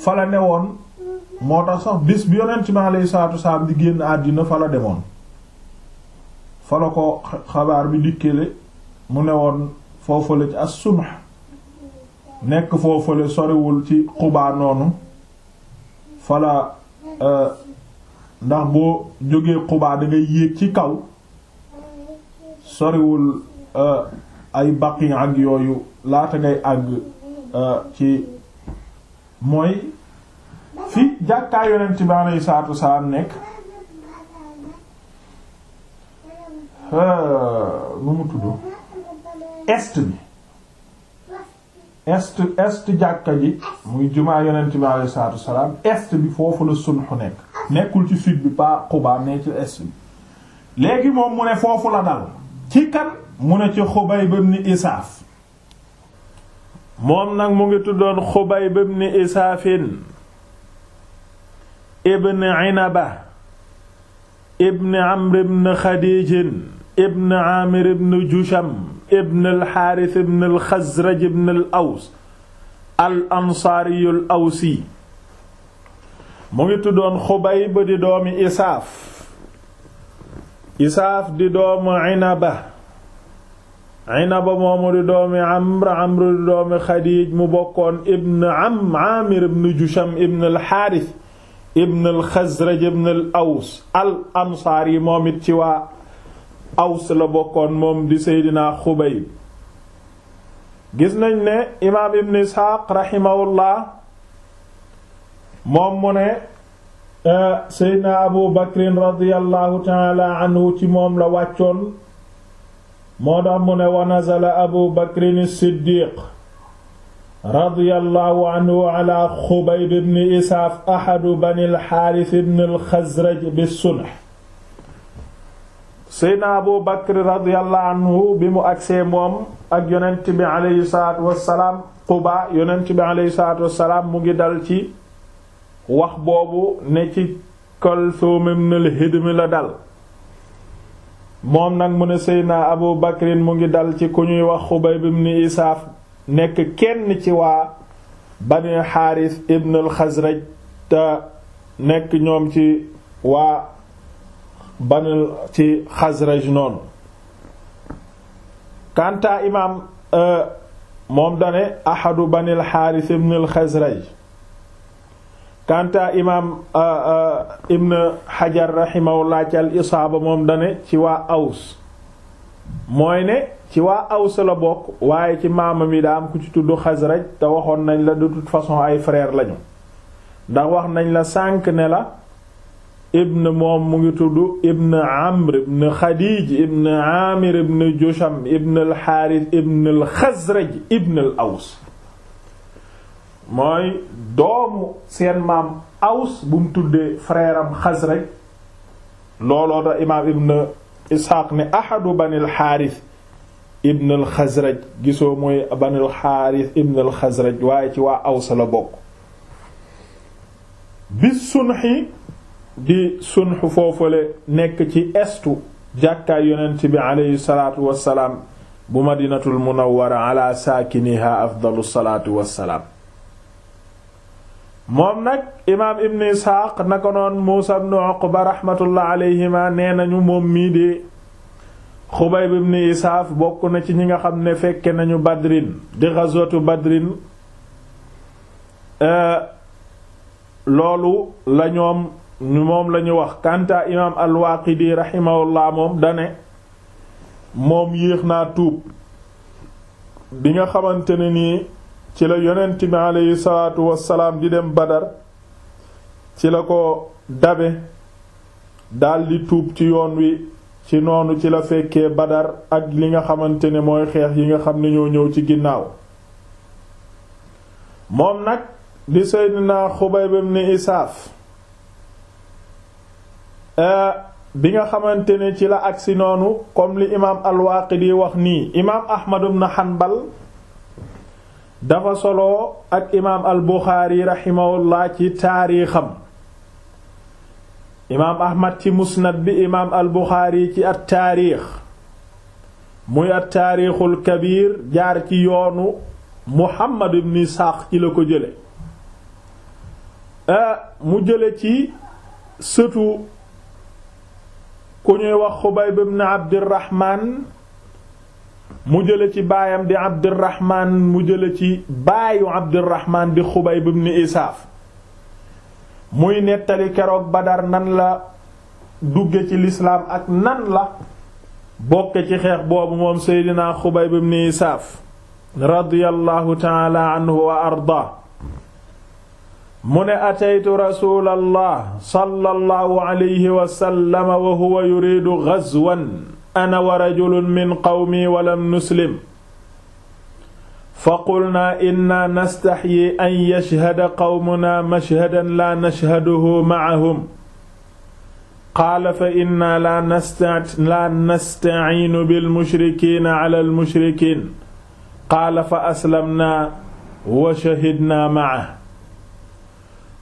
fa la newoon moo tax sax bis bi yonent bi aleyhi salaatu wassalaam di génn àddina fa la demoon fa la ko xabaar bi dikkele mu newoon foofale ci as-Sumh nekk foofale soriwul ci xubaa noonu fa la Euh, ndax boo jógee Quba da ngay yéeg ci kaw soriwul euh, ay baqi ak yooyu laata ngay àgg euh, ci mooy fi jàkkaay yonent bi alayhi salaatu saa nekk lu mu tudd est bi est est jàkka ji muy jumaa yonent bi alayhi salaatu wassalaam est bi foofu la sunxu nekk nekkul ci sud bi pas Quba ne ci est bi léegi moom mu ne foofu la dal ci kan mu ne ci Xubayb ibn Isaaf moom nag mu ngi tuddoon Xubayb ibn Isaafin ibn Inaba ibn Amr Xadiijin ibn Aamir ibn ibn alxaaris ibn alxazraj ibn al aws al ansaariyu l awsi mu ngi tuddoon xubayb di doomi isaaf isaaf di doomu inaba inaba moomu di doomi amr amr di doomi xadiij mu bokkoon ibn am aamir ibn jusham ibn alxaaris ibn alxazraj ibn al aws al ansaar yi moom it ci waa aws la bokkoon moom di seydinaa xubayb gis nañ ne imaam ibn isxaaq raximahullah moom mu ne eh, seydinaa abu bakrin radiallahu taala anhu ci moom la wàccoon moo tax mu ne wa nazala abu bakrin siddiq radiyallahu anhu ala xubayb ibn isaaf ahadu bani alxaaris ibn alxazraj bi sunx seydna abu bakr radiyallahu bi mu agsee moom ak yonent bi aleyhi salaatu wassalaam Quba yonent bi aleyhi salaatu wassalaam mu ngi dal ci wax boobu ne ci Kulthum ibn al-Hidm la dal moom nag mu ne seydna abu bakrin mu ngi dal ci ku ñuy wax Xubayb ibn Isaaf nekk kenn ci waa Bani Xaaris ibn xasraj te nekk ñoom ci waa banul ci Xasraj noonu kanta imaam euh, moom dane ahadu banil Xaaris ibn al Xasraj kanta imaam euh, euh, ibn Hajar rahimahullah ci al isaaba moom dane ci waa Aws mooy ne ci waa Aws la bokk waaye ci maamam yi daa am ku ci tudd Xasraj te waxoon nañ la de toute façon ay frère lañu ndax wax nañ la sànk ne la ibn moom mu ngi tudd ibn amr ibn xadiij ibn amir ibn jusham ibn alxaaris ibn alxazraj ibn al mooy doomu seen maam aws bu mu tuddee frère am xazraj looloo tax imaam ibn isxaaq ne ahadu bani alxaaris ibn alxazraj gisoo mooy bani alxaaris ibn alxazraj waaye ci waa aws la bokk bis sunxi di sunxu foofale nekk ci estu jàkkaay yonent bi aleyhi salaatu wassalaam bu madinatul munawwara ala saakiniha afdalu salaatu wassalaam moom nag imaam ibn isxaaq naka noon muusa ibn uqba raxmatullah nee nañu moom mii di xubayb ibn isaaf bokk na ci ñi nga xam ne fekke nañu badrin di ghazwatu badrin eh, loolu la ñoom moom la ñu wax kanta imaam al-Waaqidi rahimahullah moom dane moom yéex na tuub bi nga xamante ne nii ci la yonent bi aleyhi salaatu wassalaam di dem Badar ci la ko dabe daldi tuub ci yoon wi ci noonu ci la fekkee Badar ak li nga xamante ne mooy xeex yi nga xam ne ñoo ñëw ci ginnaaw moom nag di Seydina Xubayb ibn Isaaf Euh, bi nga xamante ne ci la agsi noonu comme li imaam al wax nii imaam Ahmad ibn Hanbal dafa solo ak imaam al-Buxaari ci taarixam imaam Ahmad ci musnad bi imam al ci at-taarix muy at-taarixul kabiir jaar ci yoonu Muhammad ibn Isaaq ci la ko jële euh, mu jële ci sëtu ku ñuy wax xubay xubayb ibn abdirahman mu jële ci baayam di abdirahman mu jële ci baayu abdirahman di xubayb ibn isaaf muy nettali keroog badar nan la dugge ci lislaam ak nan la bokke ci xeex boobu moom seydinaa xubayb ibn isaaf radiyallahu taala anhu wa arda mu ne ataytu rasuulallah sallallahu alayhi wa sallam wa huwa yuriidu ghazwan ana wa rajulun min qawmi walam nuslim fa qulnaa inna nastaxyi an yashhada qawmunaa mashhadan laa nashhaduhu ma'ahum qaala fa inna laa nasta'iinu bil mushrikiina alal mushrikiin qaala fa aslamnaa wa shahidnaa ma'ahu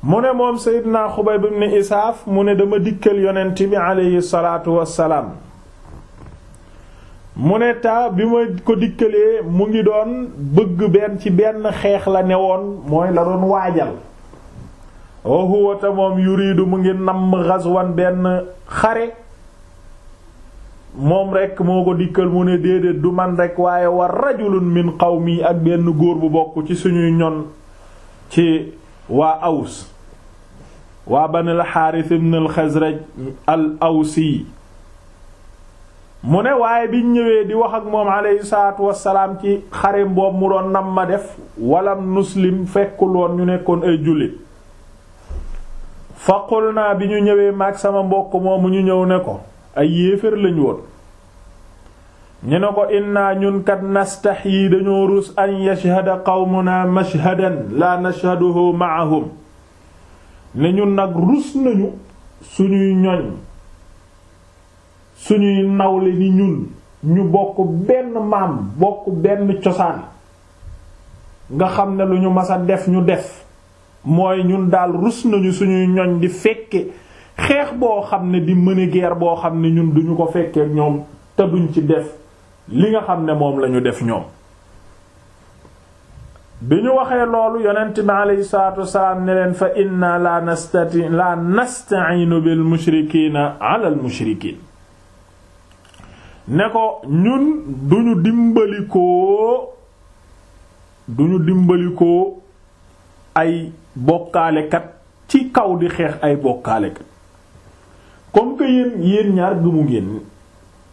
mu ne moom Seydina Xubayb ibn Isaaf mu ne dama dikkal yonent bi aleyhi salaatu wassalaam mu ne taa bi ma ko dikkalee mu ngi doon bëgg benn ci benn xeex la ne woon mooy la doon waajal wa huwa ta moom yuriidu mu ngi namm ghazwan benn xare moom rekk moo ko dikkal mu ne déedéet du man rekk waaye war rajulun min qawmi ak benn góor bu bokk ci suñuy ñoon ci waa Aws waa bani alxaaris ibn alxasraj al awsi mu ne waaye biñ ñëwee di wax ak moom aleyhi salaatu ci xarim boobu mu doon nam ma def walla muslim fekkul ñu nekkoon ay jullit faqul naa bi ñu ñëwee maag sama mbokk moomu ñu ñëw ne ko ay yéefér lañ woon ñu ne ko inna ñun kat nastax yi dañu rus an yashhada qawmuna mashhadan la nashhaduhu ma'ahum ne ñun nag rus nañu suñuy ñoñ suñuy nawle ni ñun ñu bokk benn maam bokk benn cosaan nga xam ne lu ñu masa def ñu def mooy ñun daal rus nañu suñuy ñoñ di fekke xeex boo xam ne di mëne guerre boo xam ne ñun duñu ko fekkee ñoom te duñ ci def li nga xam ne moom lañu def ñoom bi ñu waxee loolu yonent bi aleyhi salaatu wasalaam ne leen fa inna la nastati la nasta'inu bil mushrikiina alal al mushrikiin ne ko ñun duñu dimbalikoo duñu dimbalikoo ay bokkaalekat ci kaw di xeex ay bokkaalekat comme que yéen yéen ñaar gëmu ngeen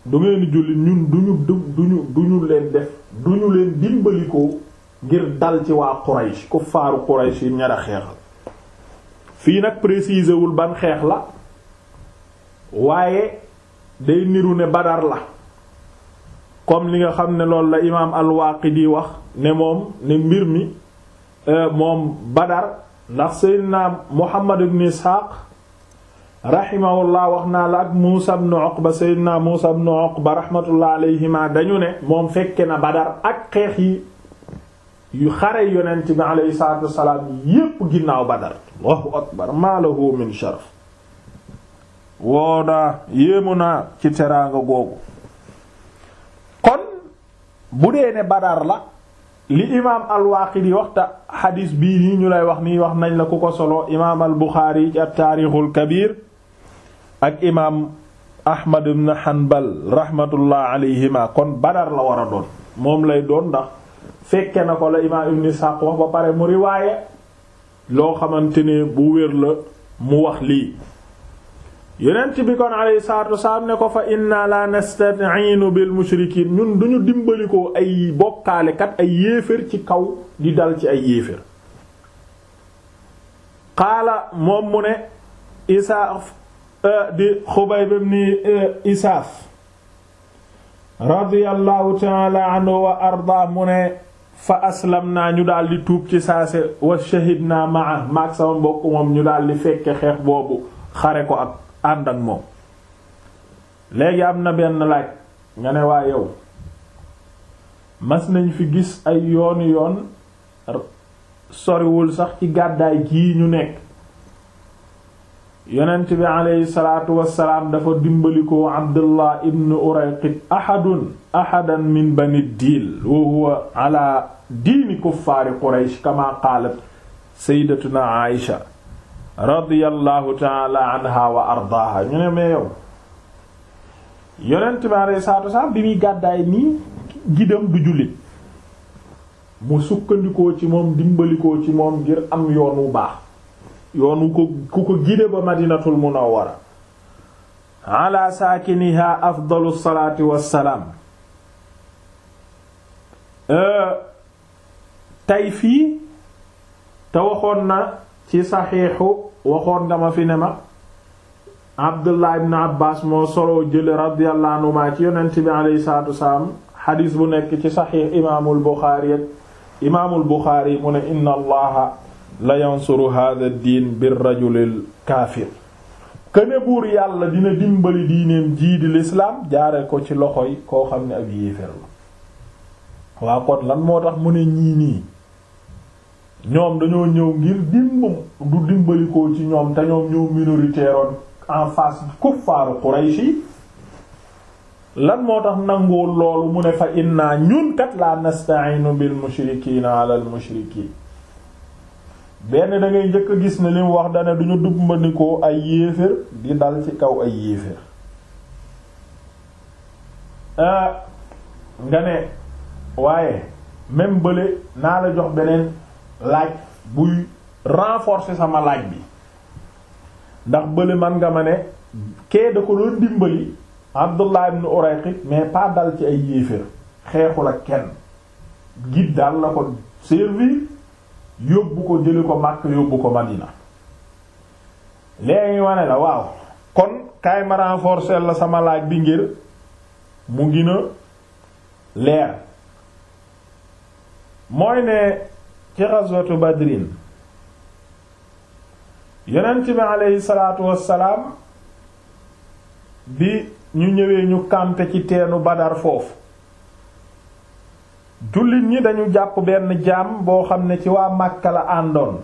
du ngeen julli ñun duñu duñu duñu leen def duñu leen dimbalikoo ngir dal ci waa Quraysh kuffaaru Quraysh yi ñara xeexal fii nag préciser wul ban xeex la waaye day niru ne Badar la comme li nga xam ne loolu la imaam al di wax ne moom ne mbir mi euh, moom Badar ndax Seydina Muhammad ibn Isxaaq rahimahullah wax naa la ak Muusa ibn Uqba Seydina Muusa ibn Uqba rahmatullah alayhima dañu ne moom fekke na Badar ak xeex yi yu xare yonent bi yépp ginnaaw Badar Allahu akbar maa lahu min sharaf woo yéemu naa ci teraanga googu kon bu dee ne Badar la li imaam al-Waaqidi waxta xadiis bii nii ñu lay wax ni wax nañ la ku ko solo imaam al-Buxaari ci at-Taarixul Kabiir ak imaam Ahmad ibn Hanbal rahmatullah alayhima kon Badar la war a doon moom lay doon ndax fekke na ko la imaam ibn Ishaq wax ba pare mu riwaaye loo xamante ne bu wér la mu wax lii yonent bi kon alayhi salaatu wasalaam ne ko fa inna la nasta'inu bil mushrikiin ñun duñu dimbalikoo ay bokkaalekat ay yéefér ci kaw di dal ci ay yéefér qaala moom mu ne isaaf euh, di Xubayb ibn euh, Isaaf radiyallahu ta'ala anhu wa arda mu ne fa aslam naa ñu daal di tuub ci saase wa shahid naa maa maag sama mbokk moom ñu daal di fekke xeex boobu xare ko ak ànd ak moom léegi am na benn laaj nga ne waa yow mas nañu fi gis ay yoonu yoon soriwul sax ci gàddaay gi ñu nekk yonent bi aleyhi salaatu wassalaam dafa dimbalikoo abdullah ibn urayqit ahadun ahadan min bani diil wa huwa ala diini kuffaari quraysh kama qaalat sayyidatuna aisha radiyallahu taala wa ardaaha ñu ne mais yow yonent bi aleyhi salaatu wassalaam bi muy gàddaay nii gidam du jullit mu sukkandikoo ci moom dimbalikoo ci moom ngir am yoon wu baax yoonu ko ku ko gide ba madinatul munawwara ala saakiniha afdalu salaati wassalaam euh, tey fii te waxoon na ci saxiixu waxoon nga ma fi ne ma abdullah ibn abbas moo soloo jële radiyallahu anhuma ci yonent bi alayhi salaatu wassalaam xadiis bu nekk ci saxiix imaamul buxaari imaamul buxaari mu ne inna allaha la yansuru hadha diin bir rajulil kaafir këne buur yàlla dina dimbali diineem jii di lislaam jaare ko ci loxo yi koo xam ne ab yéeféer la waa kon lan moo tax mu ne ñii nii ñoom dañoo ñëw ngir dimbam du dimbalikoo ci ñoom te ñoom ñëw minoritaire en face kuffaaru Qurayshi lan moo tax nanguwul loolu mu ne fa inna ñun kat la nasta'inu bil mushrikiina ala al mushrikiin benn da ngay njëkk a gis na li mu wax dane duñu dub mbandikoo ay yéefér di dal ci kaw ay yéefér ah, nga ne waaye même bële naa la jox beneen laaj buy renforcer sama laaj bi ndax bële man nga ma ne kee da ko doon dimbali Abdullah ibn Urayqit mais pas dal ci ay yéefér xeexul ak kenn gid daal la ko servir yóbbu ko jëli ko Makka yóbbu ko Madina léegi ma la waaw kon kaay ma renforcer la sama laaj bi ngir mu ngi na leer mooy ne ci ghazwatu Badrin yonent bi aleyhi salaatu bi ñu ñëwee ñu campé ci teenu Badar foofu jullit ñi dañu jàpp benn jaam boo xam ne ci waa Makka la àndoon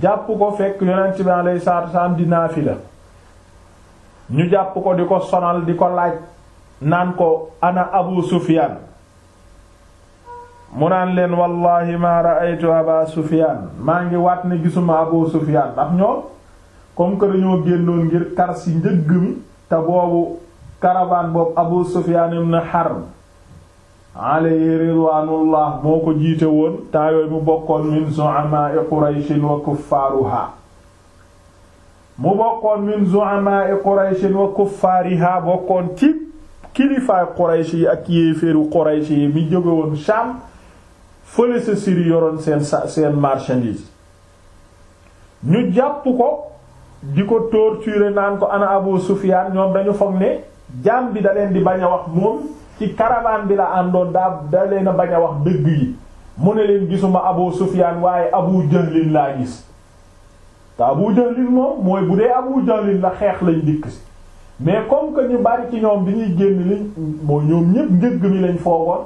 jàpp ko fekk yonent bi alayhi salaatu wasalaam di naafila ñu jàpp ko di ko sonal di ko laaj naan ko ana Abu Sufyaan mu naan leen wallahi ma ra'aytu Aba Sufyaan maa ngi waat ne gisuma Abu Sufyaan ndax ñoom comme que dañoo génnoon ngir kar si njëgg mi te boobu caravane boobu Abu Sufyaan ibn Harb alayhi ridwaanullah moo ko jiite woon taayooy mu bokkoon min zu'amaa'i qurayshin wa kuffaaruha mu bokkoon min zu'amaa'i qurayshin wa kuffaariha bokkoon ci kilifaay quraysh yi ak yéeféeru quraysh yi mi jóge woon Sham fële sa siri yoroon seen seen marchandise ñu jàpp ko di ko torturer naan ko ana Abu Sufyaan ñoom dañu foog ne jaam bi da leen di bañ a wax moom ci caravane bi la àndoon daa da leen a bañ a wax dëgg yi mu ne leen gisuma Abu Sufyaan waaye Abu Jahlin laa gis te Abu Jahlin moom mooy bu dee Abu Jahlin la xeex lañ dikk si mais comme que bari ci ñoom bi ñuy génn liñ mooy ñoom ñépp njëgg mi lañ foogoon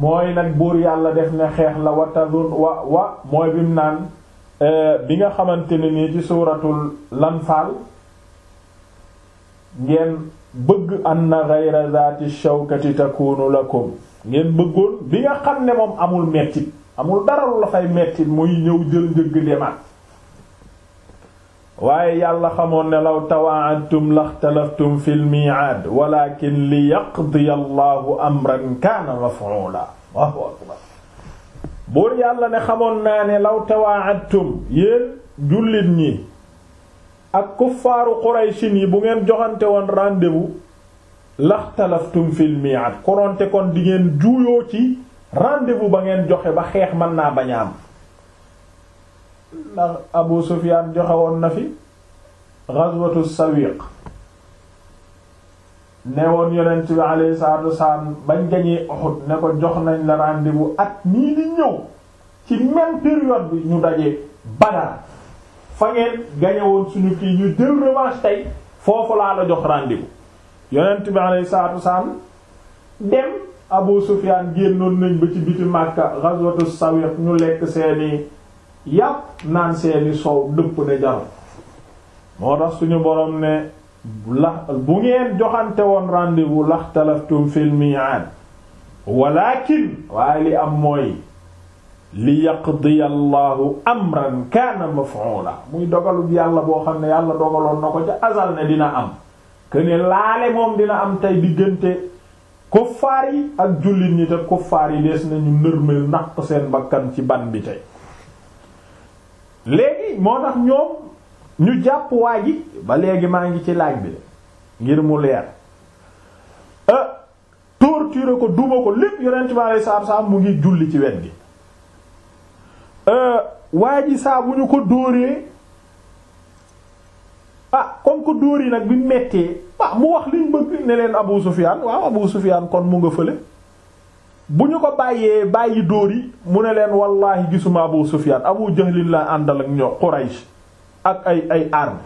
mooy nag buur yàlla def na xeex la wa tazun wa wa mooy bi mu naan eh, bi nga xamante ne nii ci suuratul Lanfaal ngeen bëgg anna ghayra zaati shawkati takunu lakum ngeen bëggoon bi nga xam ne moom amul mettit amul dara lu la fay mettit muy ñëw jël njëgg demaat waaye yàlla xamoon ne law la laxtalaftum fil mi'aad walakin li yaqdiya allahu amran kaana maf'uula buur yàlla ne xamoon naa ne law tawaadtum yéen jullit ñi ak kuffaaru Qurayshin yi bu ngeen joxante woon rendez-vous laxtalaftum fil mi'ad koronte kon di ngeen juuyoo ci rendez ba ngeen joxe ba xeex mën naa bañ a am ndax Abu Sufyaan joxe woon na fi ghazwatu Sawiq ne woon yonent bi alayhi salaatu wasalaam bañ gañee Uhud ne ko jox nañ la rendez-vous at nii di ñëw ci même période bi ñu dajee Badar fa ngeen gañewoon suñu kii ñu jël revanche tey foofu laa la jox rendez-vous yonent bi alayhi salaatu wasalaam dem Abu Sufyaan génnoon nañ ba ci biti Makka ghazwatu Sawiq ñu lekk seeni yàpp naan seeni soow dëpp ne jaru moo tax suñu borom ne la bu ngeen joxante woon rendez-vous laxtalaftum fil waaye li am mooy li yaqdiya allahu amran kaana maf'uula muy dogalub yàlla boo xam ne yàlla dogaloon na ko ca azal ne dina am que laale moom dina am tey diggante kuffaar yi ak jullit ñi te kuffaar yi des nañu nërmel naq seen bakkan ci ban bi tey léegi moo tax ñoom ñu jàpp waa ji ba léegi maa ngi ci laaj bi ngir mu leer euh, torturer ko duma ko lépp yonent bi alayhi mu ngi julli ci wet gi Euh, waa ji saabu ñu ko dóoree a ah, kon que dóor yi nag bi mettee ah mu wax liñ bëgg ne leen Abu Sufyan waaw Abu Sufyan kon mu nga fële bu ñu ko bàyyee bàyyi dóor yi mu ne leen wallaahi gisuma Abu Sufyan Abu jëlin la àndal ak ñoo Quraysh ak ay ay arme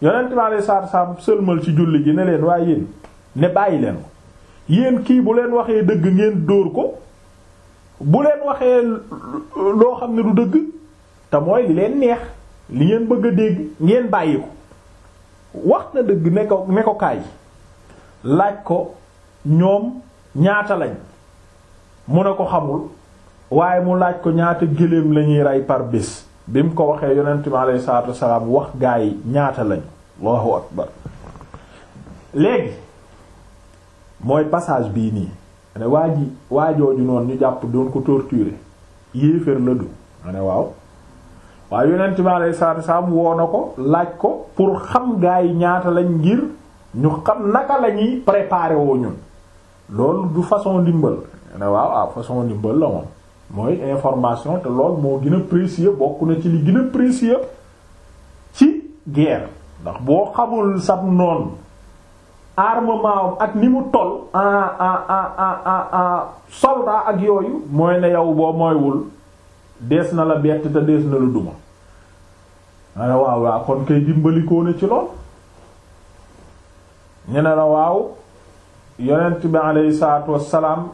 yonent maa lay saar saam sëlmal ci julli gi ne leen waaye yéen ne bàyyi leen ko yéen kii bu leen waxee dëgg ngeen dóor ko bu leen waxee loo xam ne du dëgg te mooy li leen neex li ngeen bëgg a dégg ngeen bàyyi ko wax na dëgg ne ko ne ko kaay laaj ko ñoom ñaata lañ mu ne ko xamul waaye mu laaj ko ñaata gëléem lañuy ñuy rey par bés bi mu ko waxee yonent bi alayhi salaatu wasalaam wax gaa ñaata lañ allahu akbar léegi mooy passage bii nii ne waa ji waajooju noonu ñu jàpp doon ko torturer yéeféer la du ma waaw waaye yonent bi alayhi salaatu wasalaam woo na ko laaj ko pour xam gaa yi ñaata lañ ngir ñu xam naka la ñuy préparer woo ñun loolu du façon ndimbal ne waaw waaw ah, façon ndimbal la moom mooy information te lool moo gën a précieux bokk na ci li gën a précieux ci guerre ndax boo xamul sab noonu armement ak ni mu toll en en ak yooyu mooy ne yow boo mooywul dees na la bett te dees na la duma nga ne waaw waaw kon kay dimbalikoo ne ci lool ñu la waaw yonent bi aleyhi salaatu wassalaam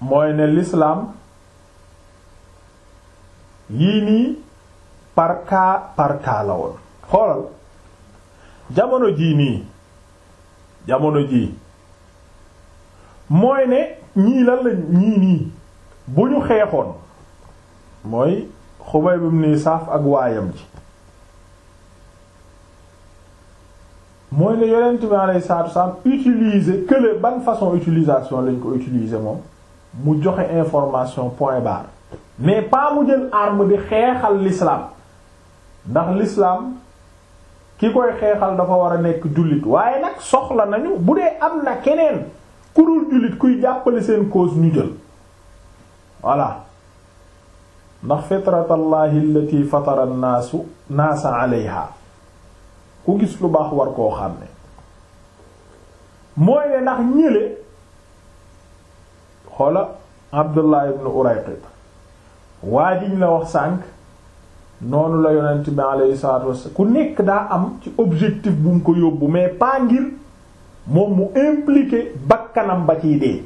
mooy ne l'islam yii nii par cas la woon xoolal jamono jii nii jamono jii mooy ne ñii lan la ñii nii bu ñu xeexoon mooy Xubayb ibn Isaaf ak waayam ji mooy ne yonent bi alayhi salaatu wasalaam utiliser que le ban façon utilisation lañ ko utiliser moom mu joxe information point barre mais pas mu jël arme di xeexal l'islam ndax l'islam ki koy xeexal dafa war a nekk jullit waaye nag soxla nañu bu dee am na keneen ku dul jullit kuy jàppale seen cause ñu jël voilà ndax fitratallahi allati fatara naasu naasa alayha ku gis lu baax war koo xam ne mooy ne ndax ñële xoola Abdullah ibn Urayqit waajiñ la wax sànk noonu la yonent bi alayhi salaatu wasallam ku nekk daa am ci objectif bu mu ko yóbbu mais paa ngir moom mu impliqué bakkanam ba ciy dee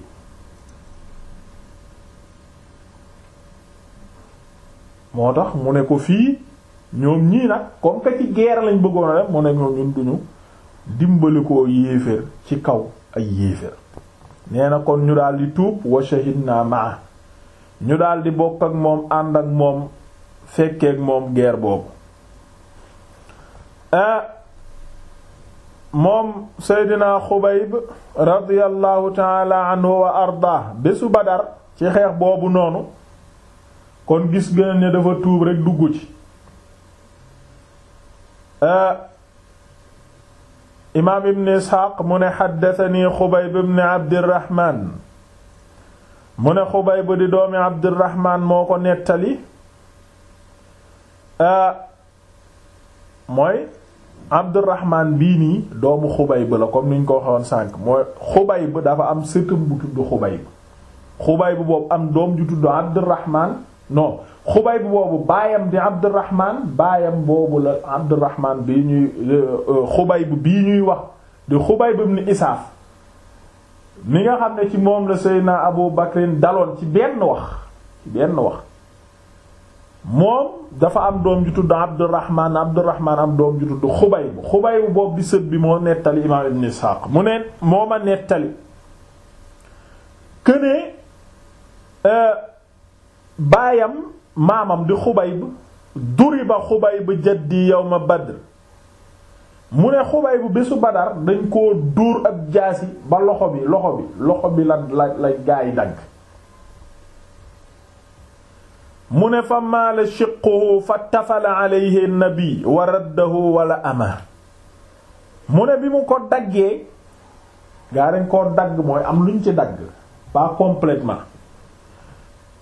moo tax mu ne ko fii ñoom ñii nag comme que ci guerre lañ bëggoon a mu ne ñoom ñun duñu dimbali koo yéeféer ci kaw ay yéeféer nee na kon ñu daal tuub wa shahidna maa ñu daldi bokk ak moom ànd ak moom fekkeek moom guerre boobu ah moom Seydina Xubayb radiyallahu taala anhu wa arda bésu Badar ci xeex boobu noonu kon gis nga ne dafa tuub rekk dugg ci ah, imaam ibn Isxaaq mu ne xaddatani Xubayb ibn Abdirahmaan mu ne Xubayb di doomi Abdirahmaan moo ko nettali Euh, mooy Abdurrahman bii nii doomu Xubayb la comme ni ñu ko waxoon sànk mooy Xubayb dafa am sëtam bu tudd Xubayb Xubayb boobu am doom ju tudd Abdurrahman non Xubayb boobu baayam di Abdurrahman baayam boobu la Abdurrahman bi ñuy euh, euh, Xubayb bii ñuy wax di Xubayb ibn Isaaf mi nga xam ne ci moom la naa Abu Bakrin daloon ci benn wax benn wax moom dafa am doom ju tudd Abdurrahman Abdurrahman am doom ju tudd Xubayb Xubayb boobu di sët bi moo nettali imaam Ibn Ishaq mu ne moo ma nettali këne euh, baayam maamam di xubay Xubayb duriba di yow ma Badr mu ne xubay bu bésu Badar dañ koo duur ak jaasi ba bi loxo bi loxo bi la la la gaay dagg mu ne fa maala shiqquhu fa tafala alayhi nabi wa raddahu wala ama mu ne bi mu ko daggee gaa dañ koo dagg mooy am lu ñu ci dagg pas complètement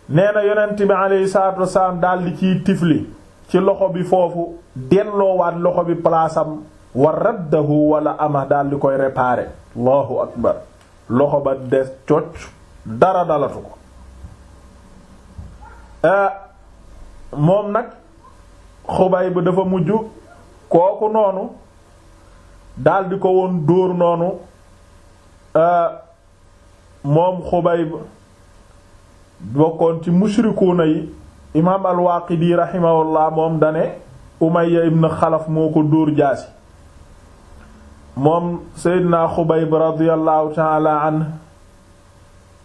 nee na yonent bi alayhi daldi ciy tifli ci loxo bi foofu delloowaat loxo bi palaasam wa raddahu wala ama daldi koy réparer allahu akbar loxo ba des cocc dara dalatu ko Euh, moom nag xubay bi dafa mujj kooku noonu daldi ko woon dóor noonu euh, moom xubay bi bokkoon ci mushrikuuna yi imaam al-Waaqidi rahimahullah moom dane Umayya ibn Xalaf moo ko dóor jaasi moom Seydina Xubayb radiyallahu ta'ala anhu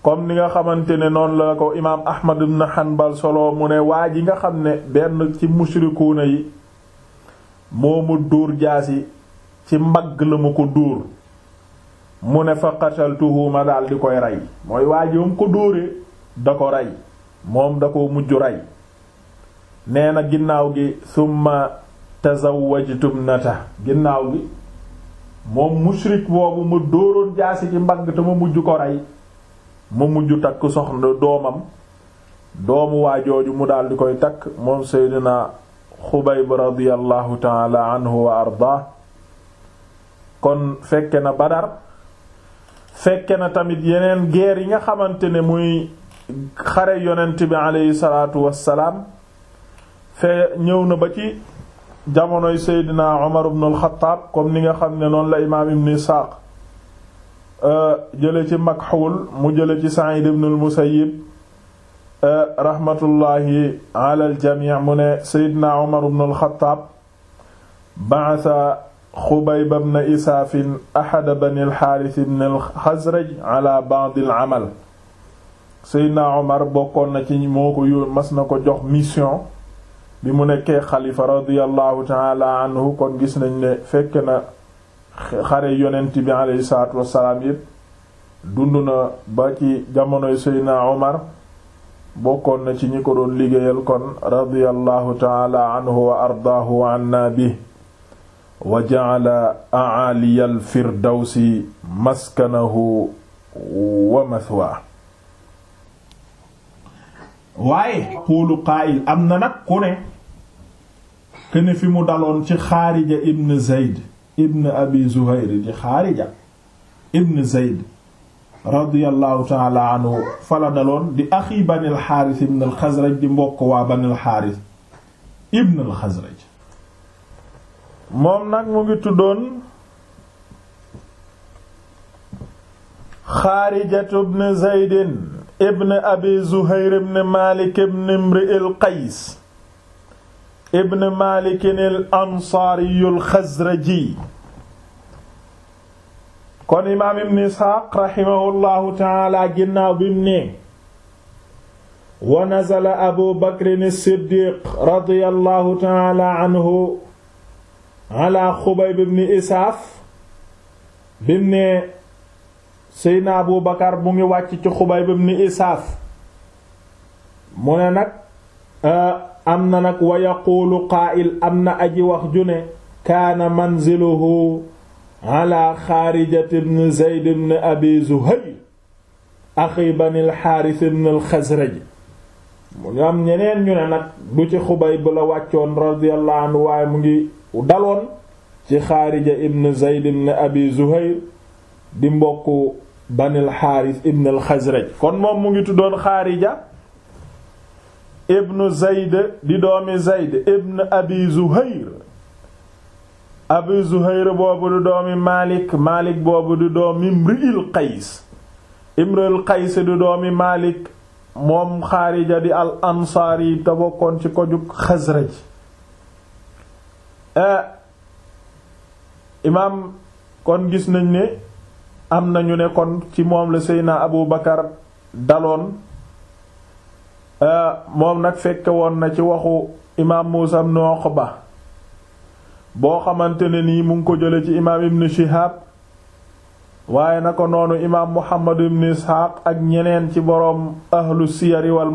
comme ni nga xamante ne noonu la ko imaam Ahmad ibn Hanbal solo mu ne waa ji nga xam ne benn ci mushrikuuna yi mu duur jaasi ci mbagg la mu ko dóor mu ne fa qataltuhu ma koy rey mooy waa ji mu ko dóoree da ko rey moom da ko mujj rey nee na ginnaaw gi summa tazawwajtu ibnata ginnaaw gi moom mushrik boobu mu dóoroon jaasi ci mbagg te ma mujj ko rey mu mujj takk soxna doomam doomu waa jooju mu daal di koy takk moom seydina xubayb radiallahu taala anhu wa arda kon fekke na badar fekke na tamit yeneen guerre yi nga xamante ne muy xare yonent bi aleyhi salaatu wassalaam fee ñëw na ba ci jamonoy seydina umar ibn al-Xattaab comme ni nga xam ne noonu la imaam ibn Isaaq Euh, jële ci Makxuul mu jële ci Saïd ibn al-Musayyib euh, rahmatullahi ala al-jamii' mu ne Seydina Umar ibn al-Xattaab ba'atha Xubayb ibn Isaaf ahada bani al-Haaris ibn al-Xasraj ala ba'd al-amal Seydina Umar bokkoon na ci moo ko mas na ko jox mission bi mu nekkee xalifa radiyallahu ta'ala anhu kon gis nañ ne fekk na xare yonent bi aleyhi salaatu wassalaam yépp dund na ba ci jamonoy seydna omar bokkoon na ci ñi ko doon liggéeyal kon radiyallahu taala anhu wa ardaahu wa anna bi wa ja'ala a'aliyal firdawsi maskanahu wa mathwa waaye xuulu qaa'il am na nag ku ne kene fi mu daloon ci xaarija ibn zayd ibn abi zuhayr di xaarija ibn zayd radiallahu taala anhu fala daloon di axi banil xaaris ibn al xasraj di mbokk waa banil xaaris ibn al xasraj moom nag mu ngi tuddoon xaarijatu ibn zaydin ibn abi zuhayr ibn malik ibn imri al qays ibn Maalik al Ansaari al Xazraji kon imaam ibn Isxaaq raximahullahu taala ginnaaw bi mu ne wa nazala Abu Bakr as-Siddiq radiyallahu taala anhu ala Xubayb ibn Isaaf bi mu ne Seydina Abu Bakar mu ngi wàcc ci Xubayb ibn Isaaf mu ne nag euh, am na nag wa yaquulu qaa'il am na aji wax ne kaana manziluhu ala xaarijat ibn zeyd ibn abi zuhayl axi banil xaaris ibn al mu ngi am ñeneen ñu ne nag du ci xubay bu la wàccoon radiyallahu anhu waaye mu ngi daloon ci xaarija ibn zeyd ibn abi zuhayr di mbokku banil xaaris ibn al xasraj kon moom mu ngi tuddoon xaarija ibnu zayd di doomi zayd ibnu abi zuhayr abi zuhayr boobu di doomi maalik maalik boobu di doomi imri'il qays imri'il qays di doomi maalik moom xaarija di al ansaari te bokkoon ci kojug xasraj eh, imaam kon gis nañ ne am nañu ne kon ci moom la seyna abu bakar daloon Euh, moom nag fekke woon na ci waxu imaam Muusa ibn ba boo xamante ne nii mu ngi ko jële ci imaam ibn Shihab waaye na ko noonu imaam Muhammad ibn Isxaaq ak ñeneen ci boroom ahlu siyari wal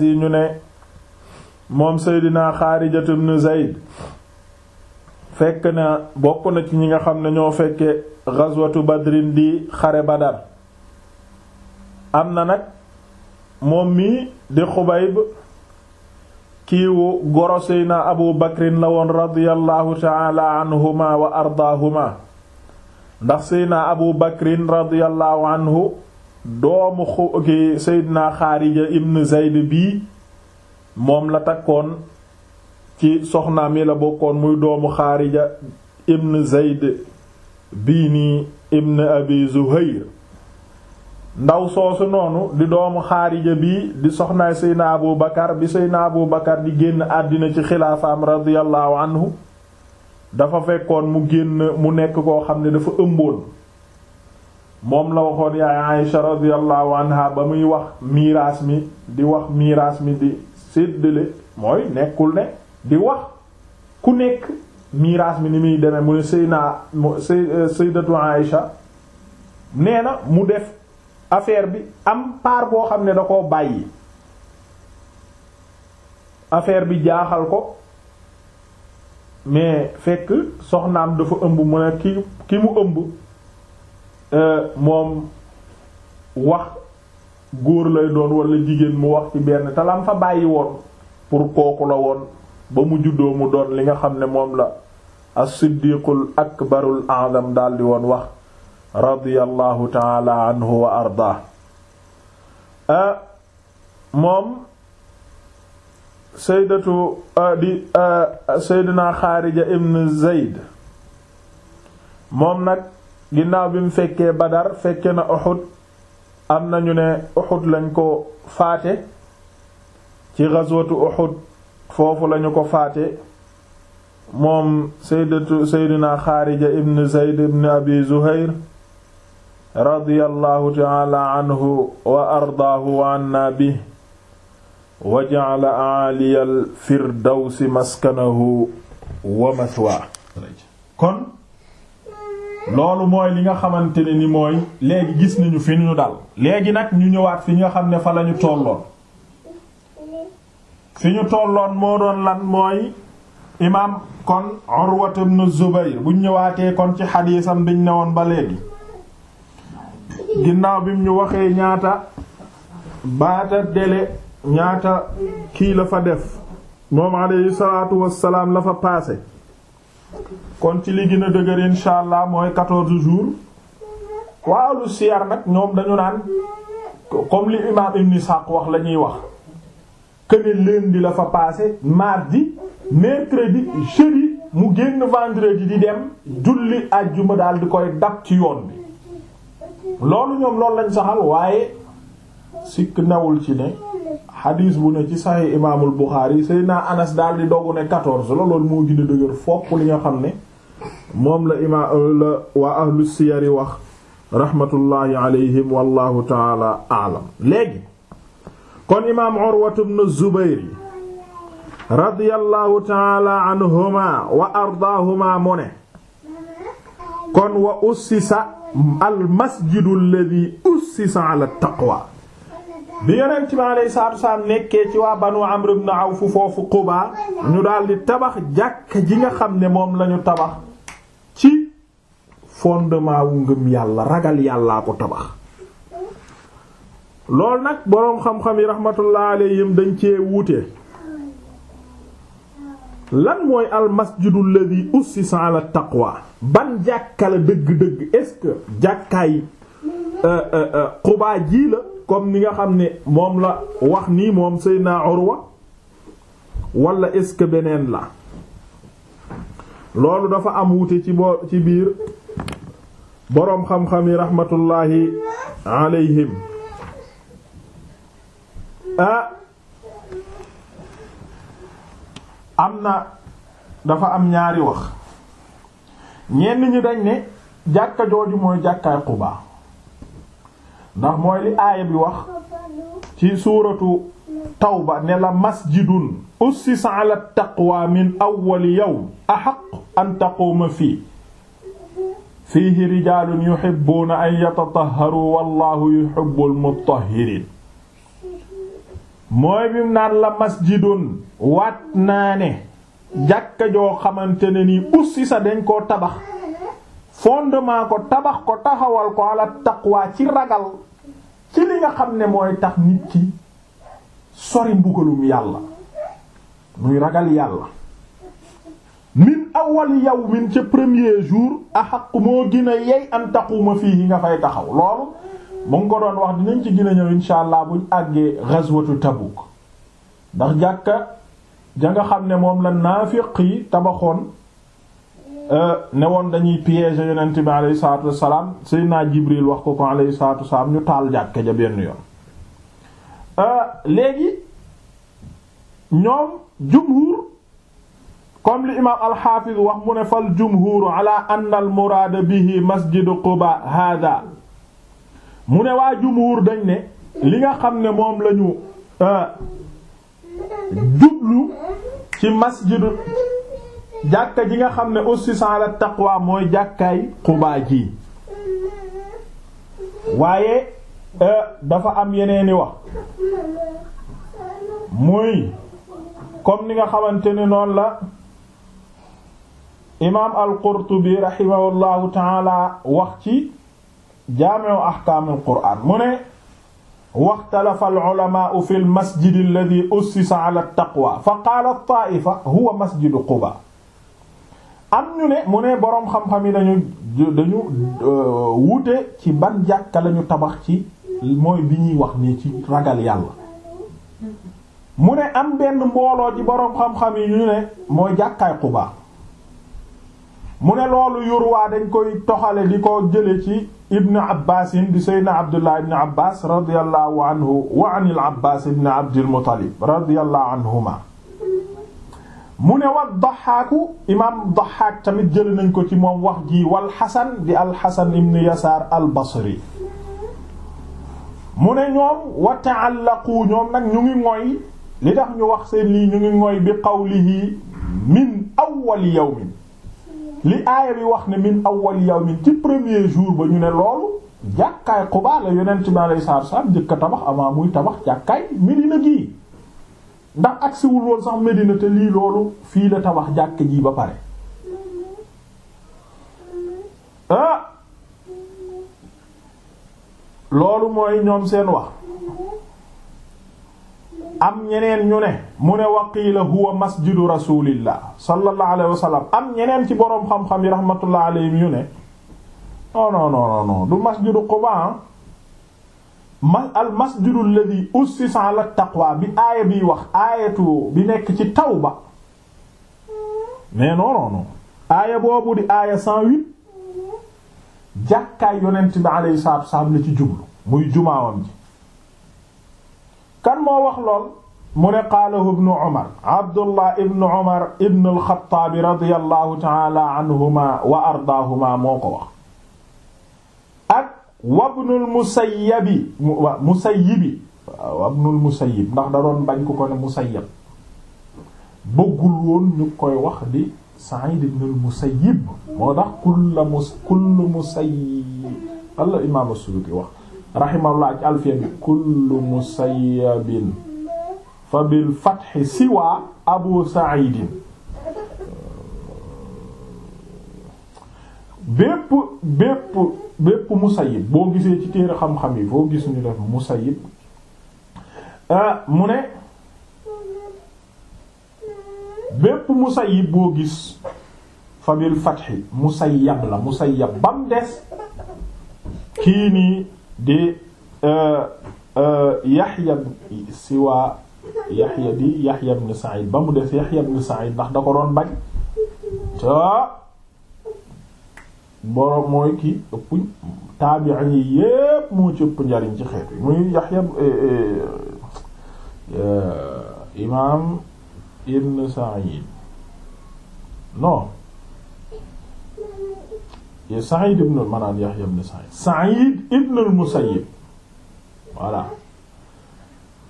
yi ñu ne moom Seydina Xaarijat ibn Zayd fekk na bokk na ci ñi nga xam ne ñoo fekke ghazwatu Badrin di xare Badar am na nag moom mi di xubayb kiiwu goro seyna abu bakrin la woon radiallahu taala anhuma wa ardaahuma ndax seyna abu bakrin radiallahu anhu doomu xu ki xaarija ibn zayd bii moom la takkoon ci soxnaam yi la bokkoon muy doomu xaarija ibn zayd bii nii ibn abi zuhayr ndaw soosu noonu di doomu xaarija bi di soxnaay seyna abu bakar bi seyna abu bakar di génn àddina ci xilaafaam radiyallahu anhu dafa fekkoon mu génn mu nekk koo xam ne dafa ëmboon moom la waxoon yaay Aïsha radiyallahu anha ba muy wax miraas mi di wax miraas mi di séddale mooy nekkul ne di wax ku nekk miraas mi ni muy demee mu ne seyna sey seydatu Aïsha nee na mu def affaire bi am part boo xam ne da koo bàyyi affaire bi jaaxal ko mais fekk soxnaam dafa ëmb mu ne ki ki mu ëmb euh, moom wax góor lay doon wala jigéen mu wax ci benn talam fa bàyyi woon pour kooku la woon ba mu juddoo mu doon li nga xam ne moom la as-siddiqul akbarul a'zam daldi woon wax radiyallahu taala anhu wa ardaa moom saydatu di xaarija ibn zeyd moom nag ginnaaw bi mu fekkee badar fekke na uxud am nañu ne uxud lañ ko faate ci gazwatu uxud foofu lañu ko faate moom saydatu sayduna xaarija ibn zeyd ibn abi zuhair radiyallahu ta'ala anhu wa ardaahu wa loolu mooy li nga xamante ne ni mooy léegi gis nañu fi ñu dal léegi nag ñu ñëwaat fi nga xam ne fa lañu tolloon fi ñu tolloon moo doon lan mooy imaam kon Urwat ibn Zubayr buñ ñëwaatee kon ci xadiisam biñ newoon ba léegi ginnaaw bi ñu waxee ñaata baata dele ñaata kii la fa def moom alayhi salaatu wassalaam la fa paase kon ci li gën a dëgër insha allah mooy quatorze jours waalu siyar nag ñoom dañu naan comme li imam ibn Saq wax la ñuy wax këne lundi la fa paase mardi mercredi jeudi mu génn vendredi di dem julli àjjuma daal di koy dab ci yoon bi loolu ñoom loolu lañ saxal waaye sikk newul ci ne xadiis bu ne ci saxi imaamul Buxaari Seydina Anas daal di doggu ne quatorze la moo gën a dëgër fopp li nga xam ne moom la imaam la waa ahlu siyari wax rahmatullahi alayhim wallahu taala aalam léegi kon imaam Urwatu bnu Zubayri radiyallahu taala anhuma wa ardaahuma mu ne kon wa ussisa al masjidu alladhi ussisa ala taqwa bi yonent bi alayhi salaatu wasalaam nekkee ci waa banu amr ibn awf foofu Quba ñu daldi tabax jàkka ji nga xam ne moom lañu tabax ci fondement wu ngëm yàlla ragal yàllaa ko tabax lool nag boroom xam-xam yi rahmatullah alayhim dañ cee wuute lan mooy al masjidu alladhi ussisa ala taqwa ban jàkka la dëgg-dëgg est-ce jàkkaay euh, euh, euh, Quba ji la comme ni nga xam ne moom la wax nii moom Seydina Urwa wala est-ce beneen la loolu dafa am wute ci boo ci biir boroom xam-xam yi rahmatullahi alayhim ah am na dafa am ñaari wax ñenn ñu dañ ne jàkka jooju mooy jàkkaay Quba ndax mooy li aaya bi wax ci suuratu tawba ne la masjidun ussisa ala taqwa min awwali yawm ahaq an taquma fii fiihi rijaalun yuhibbuuna an yatatahharu wallahu yuhibbul mutahhirin mooy bi mu naan la masjidun waat naa ne jàkka joo xamante ne nii ussi sa dañ koo tabax fondement ko tabax ko taxawal ko ala taqwa ci ragal ci li nga xam ne mooy tax nit ki sori mbugalum yàlla muy ragal yàlla min awal yawmin ca premier jour a xaq moo gën a yey an taquma fii yi nga fay taxaw loolu mu ngi ko doon wax dinañ ci gën a ñëw insha allah buñ àggee ghazwatu Tabuk ndax jàkka ja nga xam ne moom la naafiq yi tabaxoon euh, ne woon dañuy piéger yonent bi alayhi salaatu wassalaam Seydina Jibril wax ko ko alayhi salaatu wassalaam ñu taal jàkka ja benn yoon euh, léegi ñoom jumhur comme li imaam alxaafiz wax mu ne fal jumhur ala anna al muraada bihi masjidu Quba hada mu ne waa jumuur dañ ne li nga xam ne moom lañu ñu euh, jublu ci masjidu jàkka ji nga xam ne ussisa ala taqwa mooy jàkkaay Quba ji waaye euh, dafa am yeneeni wa muy comme ni nga xamante ne noonu la imaam al-Qurtubi rahimahullahu taala wax ci jaami'u ahkaamil qur'aan mu ne waxtalafa al-ulamaa'u fil masjid alladhii ussisa 'ala at-taqwaa fa qaalat taa'ifa huwa masjidu Qubaa am ñu ne mu ne boroom xam-xam yi dañu dañu euh, wute ci ban jàkka lañu tabax ci mooy bi ñuy wax nii ci ragal yàlla mu ne am benn mbooloo ci boroom xam-xam yi ñu ne mooy jàkkaay Qubaa mu ne loolu yurwaa dañ koy toxale li ko jële ci ibn abbas di seydna abdullah ibn abbas radiallahu anhu wa an il abbas ibn abdil muttalib radiallahu anhuma mu ne wa daxaaku imaam daxaak tamit jële nañ ko ci moom wax ji wal xasan di alxasan ibn yasaar al basri mu ne ñoom wa taallaqu ñoom nag ñu ngi ngoy li tax ñu wax seen lii ñu ngi ngoy bi qawlihi min awwal yawmin li aaya bi wax ne min awwal yawmin ci premier jour ba ñu ne loolu jàkkaay Quba la yonent bi alayhi salaatu wasallam jëkk a tabax avant muy tabax jàkkaay Medina gi ndax agsiwul woon sax Medina te lii loolu fii la tabax jàkk ji ba pare ah. loolu mooy ñoom seen wax am ñeneen ñu ne mu ne waqiila huwa masjidu rasulillah sallallahu alayhi wa am ñeneen ci boroom xam-xam yi rahmatullah alayhim ñu ne non non non non du masjidu Quba ah. al masjidu alladhi ussisa ala taqwa bi aaya biy wax aayatu bi nekk ci tawba mais non non non aaya boobu di aaya 108 jàkkaay yonent bi alayhi salaatu salaam la ci jublu muy jumaawam ji kan moo wax lool mu ne qaalahu ibnu Umar Abdullah ibnu Umar ibnu al-Xattaab radiyallahu ta'ala anhuma wa ardaahuma moo ko wax ak wabnul musayyabi musayyibi wabnul musayyib ndax da doon bañ ku ko ne musayyab bëggul woon ñu koy wax di Sa'id ibnul musayyib moo tax kullu mus kullu musayyib Allah imaam as-Suyuti wax rahimahullah ak alfiya bi kullu fa bil fathi siwa abu sa'idin bépp bépp bépp musayyib boo gisee ci téere xam-xam yi boo gis ñu def musayyib euh, mu ne bépp musayyib boo gis fa bil fathi musayyab la musayyab bam des kii nii di eh, eh, Yaxya siwaa Yaxya di Yaxya ibn Sa'id ba mu def Yaxya ibn Sa'id ndax da ko doon bañ ca boroom mooy ki ëpp taabi'a yi yépp moo ci ëpp njariñ ci xeet muy Yaxya eh, imaam ibn Sa'id non kii Sa'id ibn manaan Yahya ibn Sa'id Sa'id ibn al-Musayyib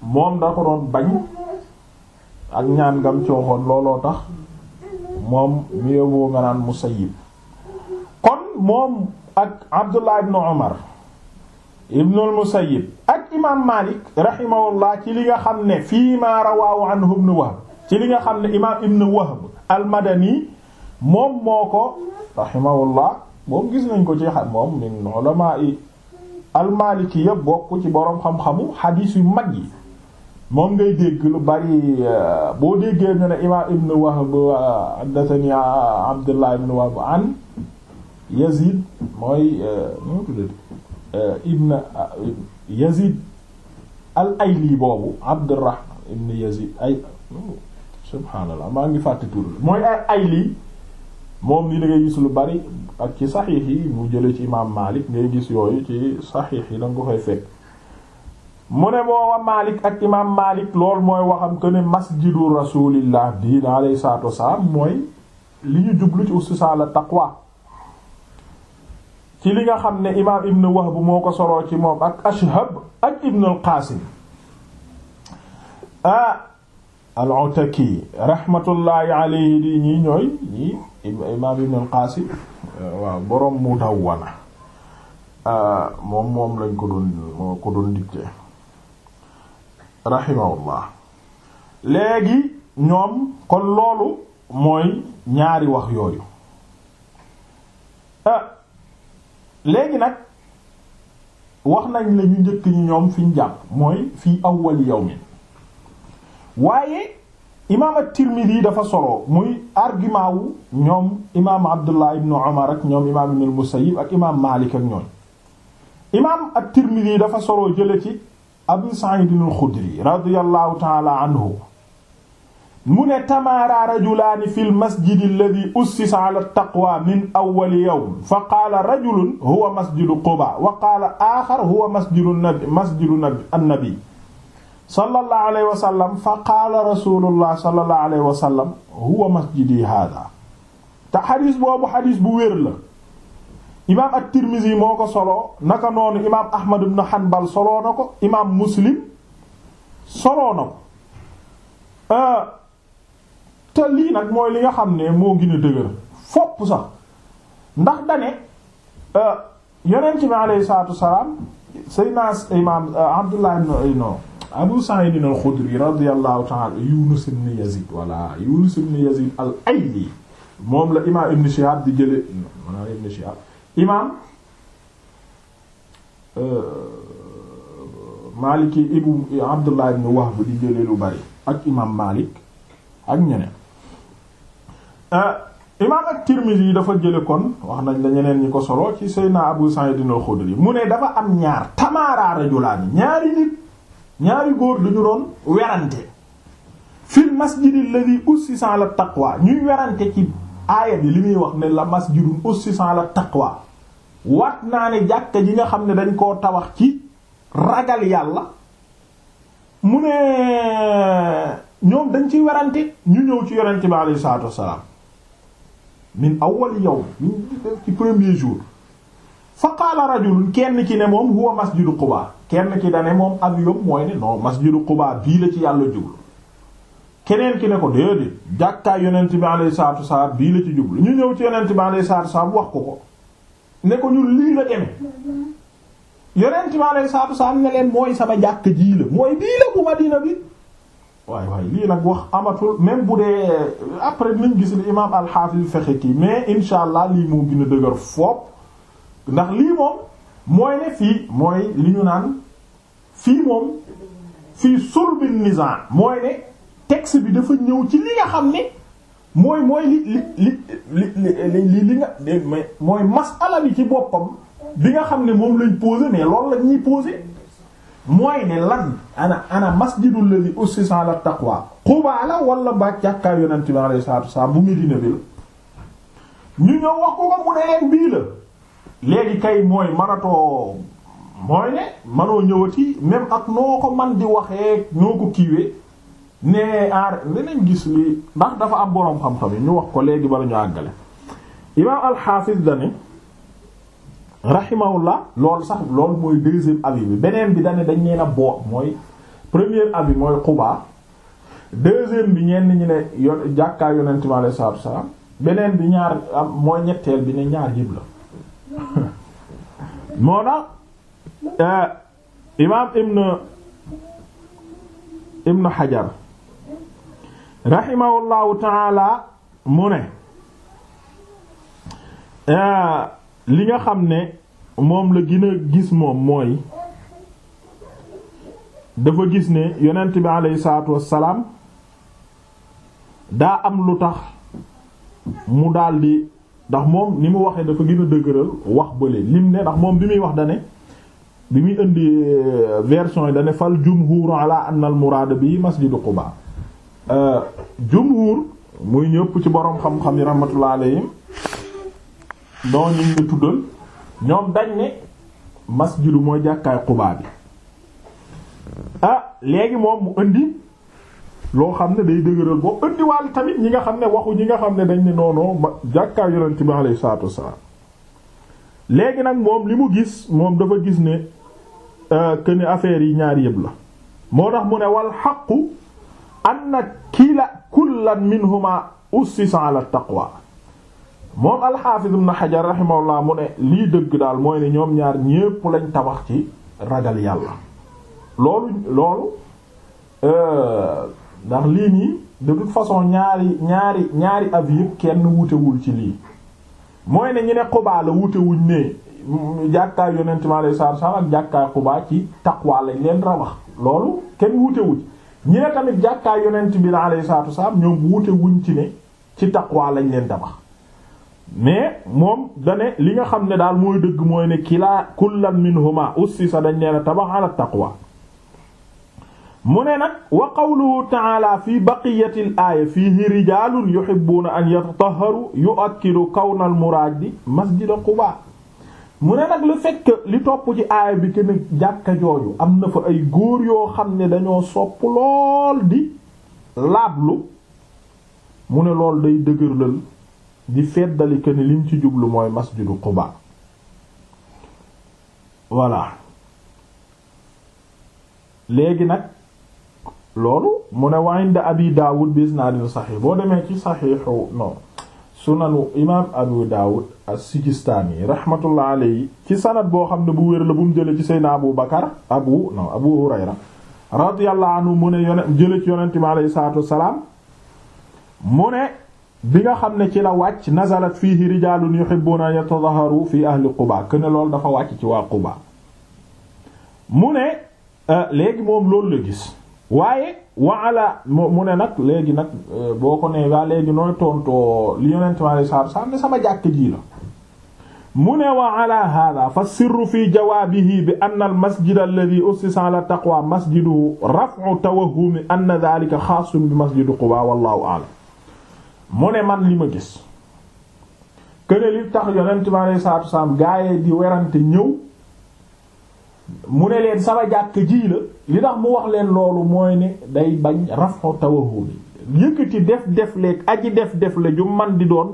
moom da ko doon bañ ak ñaan ngam ci looloo tax moom mi yóbboo nga naan Musayyib kon moom ak Abdullah ibn Umar ak imaam Malik rahimahullah ci li nga xam ne fii ma rawaahu anhu ibn Wahb ci li nga xam ne imaam ibn Wahb al-Madani moom moo ko rahimahullah moom gis nañ ko ci xam moom min ulama yi almaliki yëpp bokk ci borom xam-xamu xadiis yu mag yi moom ngay dégg lu bari euh, boo déggee ñu ne imaam ibn Wahb euh, haddathani euh, Abdullah ibn Wahb an Yazid mooy nu tudd ibn Yazid al Ayli boobu Abdurrahman ibn Yazid ay oh, subhaanallah maa ngi fàtte tur mooy ay Ayli moom li da ngay gis lu bari ak ci saxiix yi mu jële ci imaam Maalik ngay gis yooyu ci saxiix yi da nga ko fay fekk mu ne booba Maalik ak imaam Maalik lool mooy waxam que ne masjidu rasulillah bii alayhi salaatu wasalaam mooy li ñu jublu ci ussisa taqwa ci li nga xam ne imaam Ibn Wahb moo ko soroo ci moom ak Ashhab ak Ibn qaasim ah, al-Utaki rahmatullahi alayhi di ñii ñooy ñii imaam ibn al-Qasim waaw boroom mu Mudawwana moom moom lañ ko doon moo ko doon dicté rahimahullah léegi ñoom kon loolu mooy ñaari wax yooyu ah, léegi nag wax nañ la ñu njëkk ñi ñoom fi ñu jàpp mooy fii awwal yawmin waaye imaam at-Tirmidhi dafa solo muy argument wu ñoom imaam Abdullah ibn Umar ak ñoom imaam ibn al-Musayyib ak imaam Malik ak ñooñ imaam at-Tirmidhi dafa solo jële ci Abu Sa'id al-Khudri radiyallahu ta'ala anhu mu ne tamaara rajulaani fi lmasjidi alladi ussisa ala taqwa min awali yowm fa qaala rajulun huwa masjidu quba wa qaala aaxar huwa masjidu nabi masjidu nabi annabi sallallahu alayhi wa sallam fa qaala rasulullah sallallahu alayhi wa sallam huwa masjidi hada te xadis boobu xadis bu wér la imaam at-Tirmizi moo ko soloo naka noonu imaam Ahmad ibn Hanbal soloo na ko imaam Muslim soloo na ko euh, te lii nag mooy li nga xam ne moo gën a dëgër fopp sax ndax dane euh, yonent bi alayhi salaatu wa salaam sayyidina imaam euh, Abdullah ibn Abu Sa'id al-Khudri radiyallahu ta'ala Yunus ibn Yazid walla Yunus ibn Yazid al-Ayli moom la imaam Ibn Shihab di jële maanaam Ibn Shihab imaam euh, Maliki ibn Abdullah ibn Wahb di jële lu bari ak imaam Malik ak ñeneen euh, imaam ak Tirmidhi yi dafa jële kon wax nañ la ñeneen ñi ko solo ci Seydina Abu Sa'id al-Khudri mu ne dafa am ñaar tamaaraa rajulaani ñaari nit ñaari góor lu ñu doon werante fil masjidil ladhi ussisa la taqwa ñuy werante ci aaya bi li muy wax ne la masjidun ussisa la taqwa wat naa ne jàkk ji nga xam ne dañ koo tawax ci ragal yàlla mu ne ñoom dañ ci werante ñu ñëw ci yonente bi alayhi salaatu wassalaam min awwal yawm ci premier jour fa qaala rajulun kenn ki ne moom huwa masjidu Quba kenn ki da moom ak yom mooy ne non masjidu Quba bii la ci yàlla jublu keneen ki ne ko déedéet jàkkaay yonent bi alayhi salaatu wasalaam bii la ci jublu ñu ñëw ci yonent bi alayhi salaatu wasalaam wax ko ko ne ko ñun lii la demee yonent bi alayhi salaatu wasalaam ne leen mooy sama jàkk jii la mooy bii la bu Madina bi waaye waaye lii nag wax amatul même bu dee après nañ gis li imaam al-Hafiz fexe kii mais insha allah lii moo ndax lii moom mooy ne fii mooy li ñu naan fii moom fii sulbin nizam mooy ne texte bi dafa ñëw ci li nga xam ne mooy mooy li li li li li bi ci boppam bi nga xam ne moom lañ posé ne loolu la ñuy posé mooy ne lan ana ana masjidul ladhi ussisa ala taqwa Quba la wala ba jàkkaar yonent bi alayhi salatu wassalam bu Medina bi la ñu ñëw wax ko ko mu ne bii la léegi kay mooy manatoo mooy ne manoo ñëwati même ak noo ko man di waxee ñoo ko kiiwee ne aar dinañ gis li ndax dafa am boroom xam-xam yi ñu wax ko léegi bala ñu àggale imaam alxaafis dani la loolu sax loolu mooy deuxième avis bi beneen bi dani dañ neena boo mooy premier avis mooy Quba deuxième bi ñenn ñi ne yo- jàkkaay yonent mi alayhi salaatu wa salaam beneen bi ñaar am mooy ñetteel bi ne ñaar yëpp la moo tax eh, imaam ibn ibn Hajar rahimahullahu mu ne eh, li nga xam ne moom la gën a gis moom mooy dafa gis ne yonent bi aleyhi salaatu wassalaam daa am lu tax mu daldi ndax moom ni mu waxee dafa gën a dëgëral wax bële lim ne ndax moom bi muy wax dane bi muy indi euh, version yi dane fal jumhur la anna al muraada bi masjidu Quba euh, jumhur muy ñëpp ci boroom xam-xam yi rahmatullah alayhim doo ñu ngi tuddal ñoom dañ ne masjidu mooy jàkkaay Quba bi ah léegi moom mu indi loo xam ne day dëgëral boo ëndiwaal tamit ñi nga xam ne waxu ñi nga xam ne dañ ne noonoo ma jàkkaa yonent bi alayhi salaatu wassalaam léegi nag moom li mu gis moom dafa gis ne euh, que ne affaire yi ñaar yëpp la moo tax mu ne wal xaqu anna kila kullan minhuma ussisa ala taqwa moom alxaafiz ibn xajar rahimahullah mu ne lii dëgg daal mooy ne ñoom ñaar ñépp lañ tabax ci ragal yàlla loolu loolu euh, ndax lii nii de façon ñaari ñaari ñaari avis yëpp kenn wutewul ci lii mooy ne ñu ne xubaa la wutewuñ ne jàkkaay yonent mi alayhi salaatu salaam ak jàkkaay xubaa ci taqwa lañ leen rabax loolu kenn wutewuñ ñi ne tamit jàkkaay yonent bi alayhi salaatu salaam ñoom wutewuñ ci ne ci taqwa lañ leen tabax mais moom dane li nga xam ne daal mooy dëgg mooy ne kilaa kullan minhuma ussisa dañ leen tabax ala taqwa mu ne nag wa qawluhu ta'ala fi baqiyatil aaya fiihi rijaalun yuhibbuuna an yatatahharu yu'akkidu kawnal muraadi masjida Quba mu ne nag le fait li topp ci aaya bi que ne jàkka jooju am na fa ay góor yoo xam ne dañoo sopp lool di laablu mu ne lool day dëgërlal di feddali que ne lim ci jublu mooy masjidu Quba voilà léegi nag. loolu mu ne wa inda abi daawud bi isnaadin saxiix boo demee ci saxiixu non sunanu imaam abu daawud as-sijistaani rahmatullah alayhi ci sanad boo xam ne bu wér la bu mu jële ci seydna abu bakar abu non abu hurayra radiyallahu anhu mu ne yone ci yonente bi alayhi salaatu mu ne bi nga xam ne ci la wàcc nazalat fiihi rijaalun yuhibbuuna yatadaharu fi ahli qubaa kue loolu dafa wàcc ci waa qubaa mu ne euh, léegi moom loolu la gis waaye waala mu ne nag léegi nag euh, boo ko ne waa léegi nooy tontoo li yonent mi alei satu salaam ne sama jàkk ji la mu ne wa ala hada fa sirru fi jawaabihi bi anna al masjid alladhi ussisa ala taqwa masjidu raf'u tawahhumi anna dhalika xaasun bi masjidi quba wallahu a'lam mu ne man li ma gis kuene li tax yonent mi alei salatu salaam gaayee di werante ñëw mu ne leen sama jàkk ji la li tax mu wax leen loolu mooy ne day bañ rafon tawaxu bi yëkkati def def leeg aji def def la ju man di doon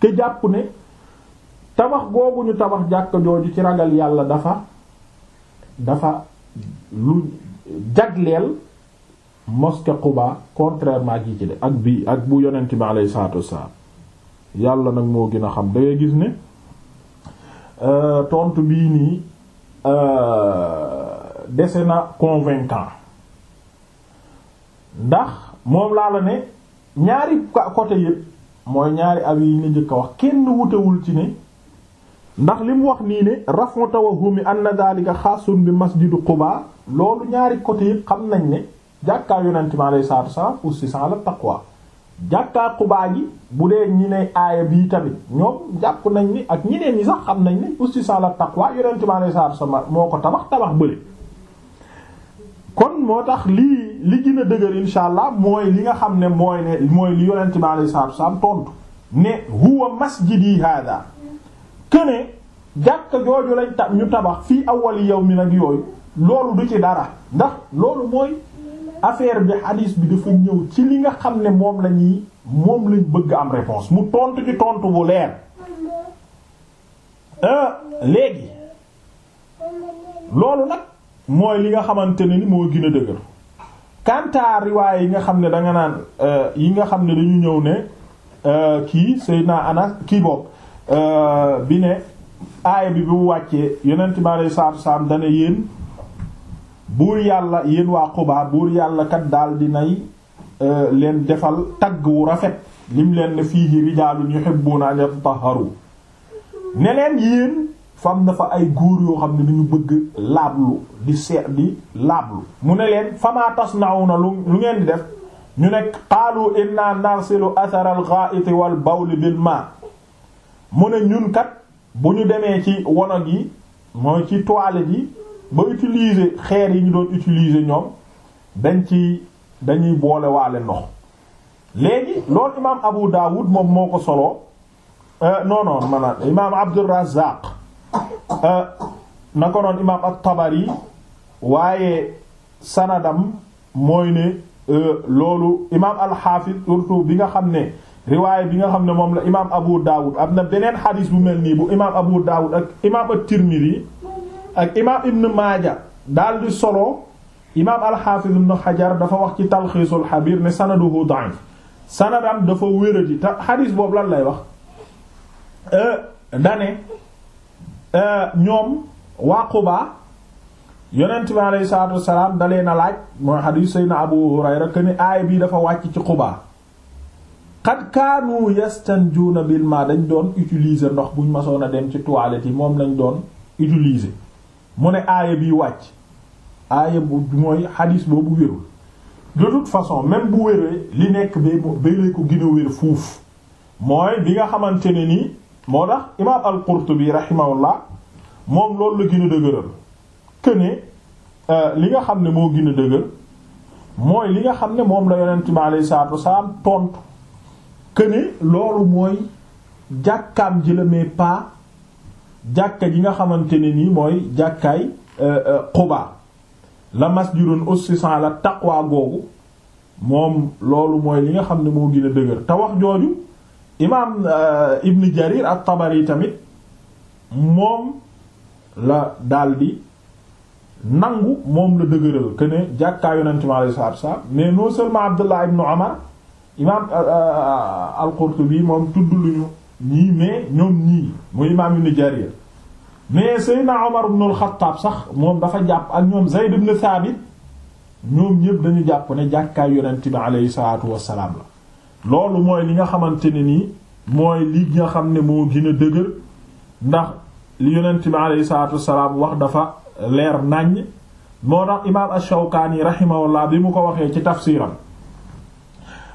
te jàpp ne tabax boobu ñu tabax jàkk jooju ci ragal yàlla dafa dafa lu jagleel mosquée Quba contrairement ak yi ci ak ak bu yonent bi alayhi salaatu wassalaam yàlla nag moo gën a xam da gis ne euh, tontu bii nii Euh, dese na convaincant ndax moom laa la ne ñaari côté yëpp mooy ñaari aw yi ñu njëkk wax kenn wutewul ci ne ndax li mu wax nii ne rafu tawahumi anna dhalika xaasun bi masjidu Quba loolu ñaari côté yëpp xam nañ ne jàkkaay yonent mi alayhi salaatu wa salaam la ala taqwa jàkkaar Quba gi bu dee ñi ne aaya bii tamit ñoom jàpp nañ ni ak ñeneen ñi sax xam nañ ni ussisa la taqwa yonentu Yàlla sallallahu alayhi wasallam moo ko tabax tabax bële kon moo tax lii li gën a dëgër insha allah mooy li nga xam ne mooy ne mooy li yonentu ne sallallahu alayhi wasallam tontu ne huwa masjidi hada këne jàkka jooju lañ ta ñu tabax fii yow mi nag yooyu loolu du ci dara ndax loolu mooy affaire bi hadis bi dafa ñëw ci li nga xam ne moom lañuy ñuy moom lañ bëgg am réponse mu tontu ci tontu bu leer euh, léegi loolu nag mooy li nga xamante ni moo gën a dëgër kantaa riwaay yi nga xam ne danga naan euh, yi nga xam ne dañu ñëw ne euh, kii Seydina Anas kii boog bi ne aaya bi bu wàccee yeneen bi alayhi salaatu wa salaam dana yéen buur yàlla yéen waa Quba buur yàlla kat daal dinay euh, leen defal tagg wu rafet lim leen ne fiihi rijaalun yuhibbuuna an yatahharu ne leen yéen fam dafa ay góor yoo xam ne dañu bëgg laablu di seet di laablu mu ne leen famaa tasna'una lu lu ngeen di def ñu ne qaalu inna narsilu athara al-gha'it wal bawl bil ma mu ne ñun kat bu ñu demee ci wonog yi mooy ci toilette yi ba utiliser xeer yi ñu doon utiliser ñoom dañ ci dañuy boole waale ndox léegi loolu imaam Abu Dawud moom moo ko solo euh, non non maanaam imaam Abdurrazzaq euh, na ko noon imaam at-Tabari waaye sanadam mooy ne euh, loolu imaam al-Hafiz surtout bi nga xam ne riwaay bi nga xam ne moom la imaam Abu Dawud am na beneen xadis bu mel nii bu imaam Abu Dawud ak imaam at yi ak imaam ibn maaja daal di solo imaam alxaafiz ibn xajar dafa wax ci talxiisul xabiir ne sanaduhu da'if sanadam dafa yi te xadiis boobu lan lay wax euh, dane euh, ñoom waa Quba yonent bi alayhi dalee na laaj mooy xadiis sayna abu hurayra que aay bii dafa wàcc ci Quba xad kaanu yastanjuuna bil ma dañ doon utilise ndox buñ masoon a dem ci toilette yi moom lañ doon utiliser mu ne aaya bi wàcc aaya bu mooy xadiis boobu wérul de toute façon même bu wéree li nekk bay bay lay ko gën wér fuuf mooy bi nga xamante ne nii moo tax imaam al-Qurtubi rahimahullah moom loolu la gën a dëgëral euh, li nga xam ne moo gën a dëgër mooy li nga xam ne moom la yonent bi alayhi salaatu wasalaam tontu que ne loolu mooy jàkkaam ji la pas jàkka ji nga xamante ne nii mooy jàkkaay euh, euh, Quba la masjidun ussisa ala taqwa googu moom loolu mooy li nga xam ne moo gën a dëgër te wax jooju imaam euh, Ibn Jarir at-Tabari tamit moom la daldi nangu moom la dëgëral que ne jàkkaa yonente mi alei salatu salaam mais non seulement Abdullah ibn Umar imaam al-Qurtubi moom tudd luñu ñii mais ñoom ñii muy imaam ibn Jarir mais Seydina Omar ibn al-Khattab sax moom dafa jàpp ak ñoom Zayd ibn Thabit ñoom ñëpp dañu jàpp ne jàkkaay yonent bi aleyhi salaatu wassalaam loolu mooy li nga xamante ne nii mooy li nga xam ne moo gën a dëgër ndax li yonent bi aleyhi salaatu wax dafa leer naññ moo tax imaam ash bi mu ko waxee ci tafsiram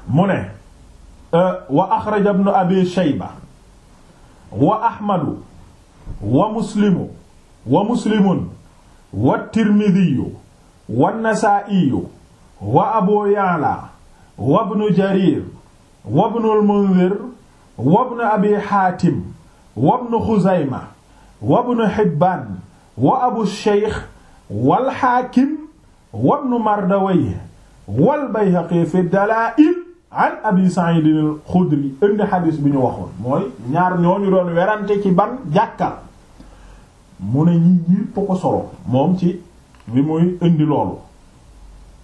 mu ne euh, wa axraja ibn Abi Shayba wa ahmadu wa muslimu wa muslimun wa tirmidiyu wa nasaa'iyu wa abu ya'la wa ibnu jarir wa ibnu al-munzir wa ibnu abi haatim wa ibnu xuzayma wa ibnu hibbaan wa abu shaykh wal haakim wa ibnu mardawayh wal bayhaqi fi dalaa'il an abi sa'id al-khudri indi xadis bi ñu waxoon mooy ñaar ñooñu doon werante ci ban jàkka mu ne ñi ñépp ko solo moom ci li mooy indi loolu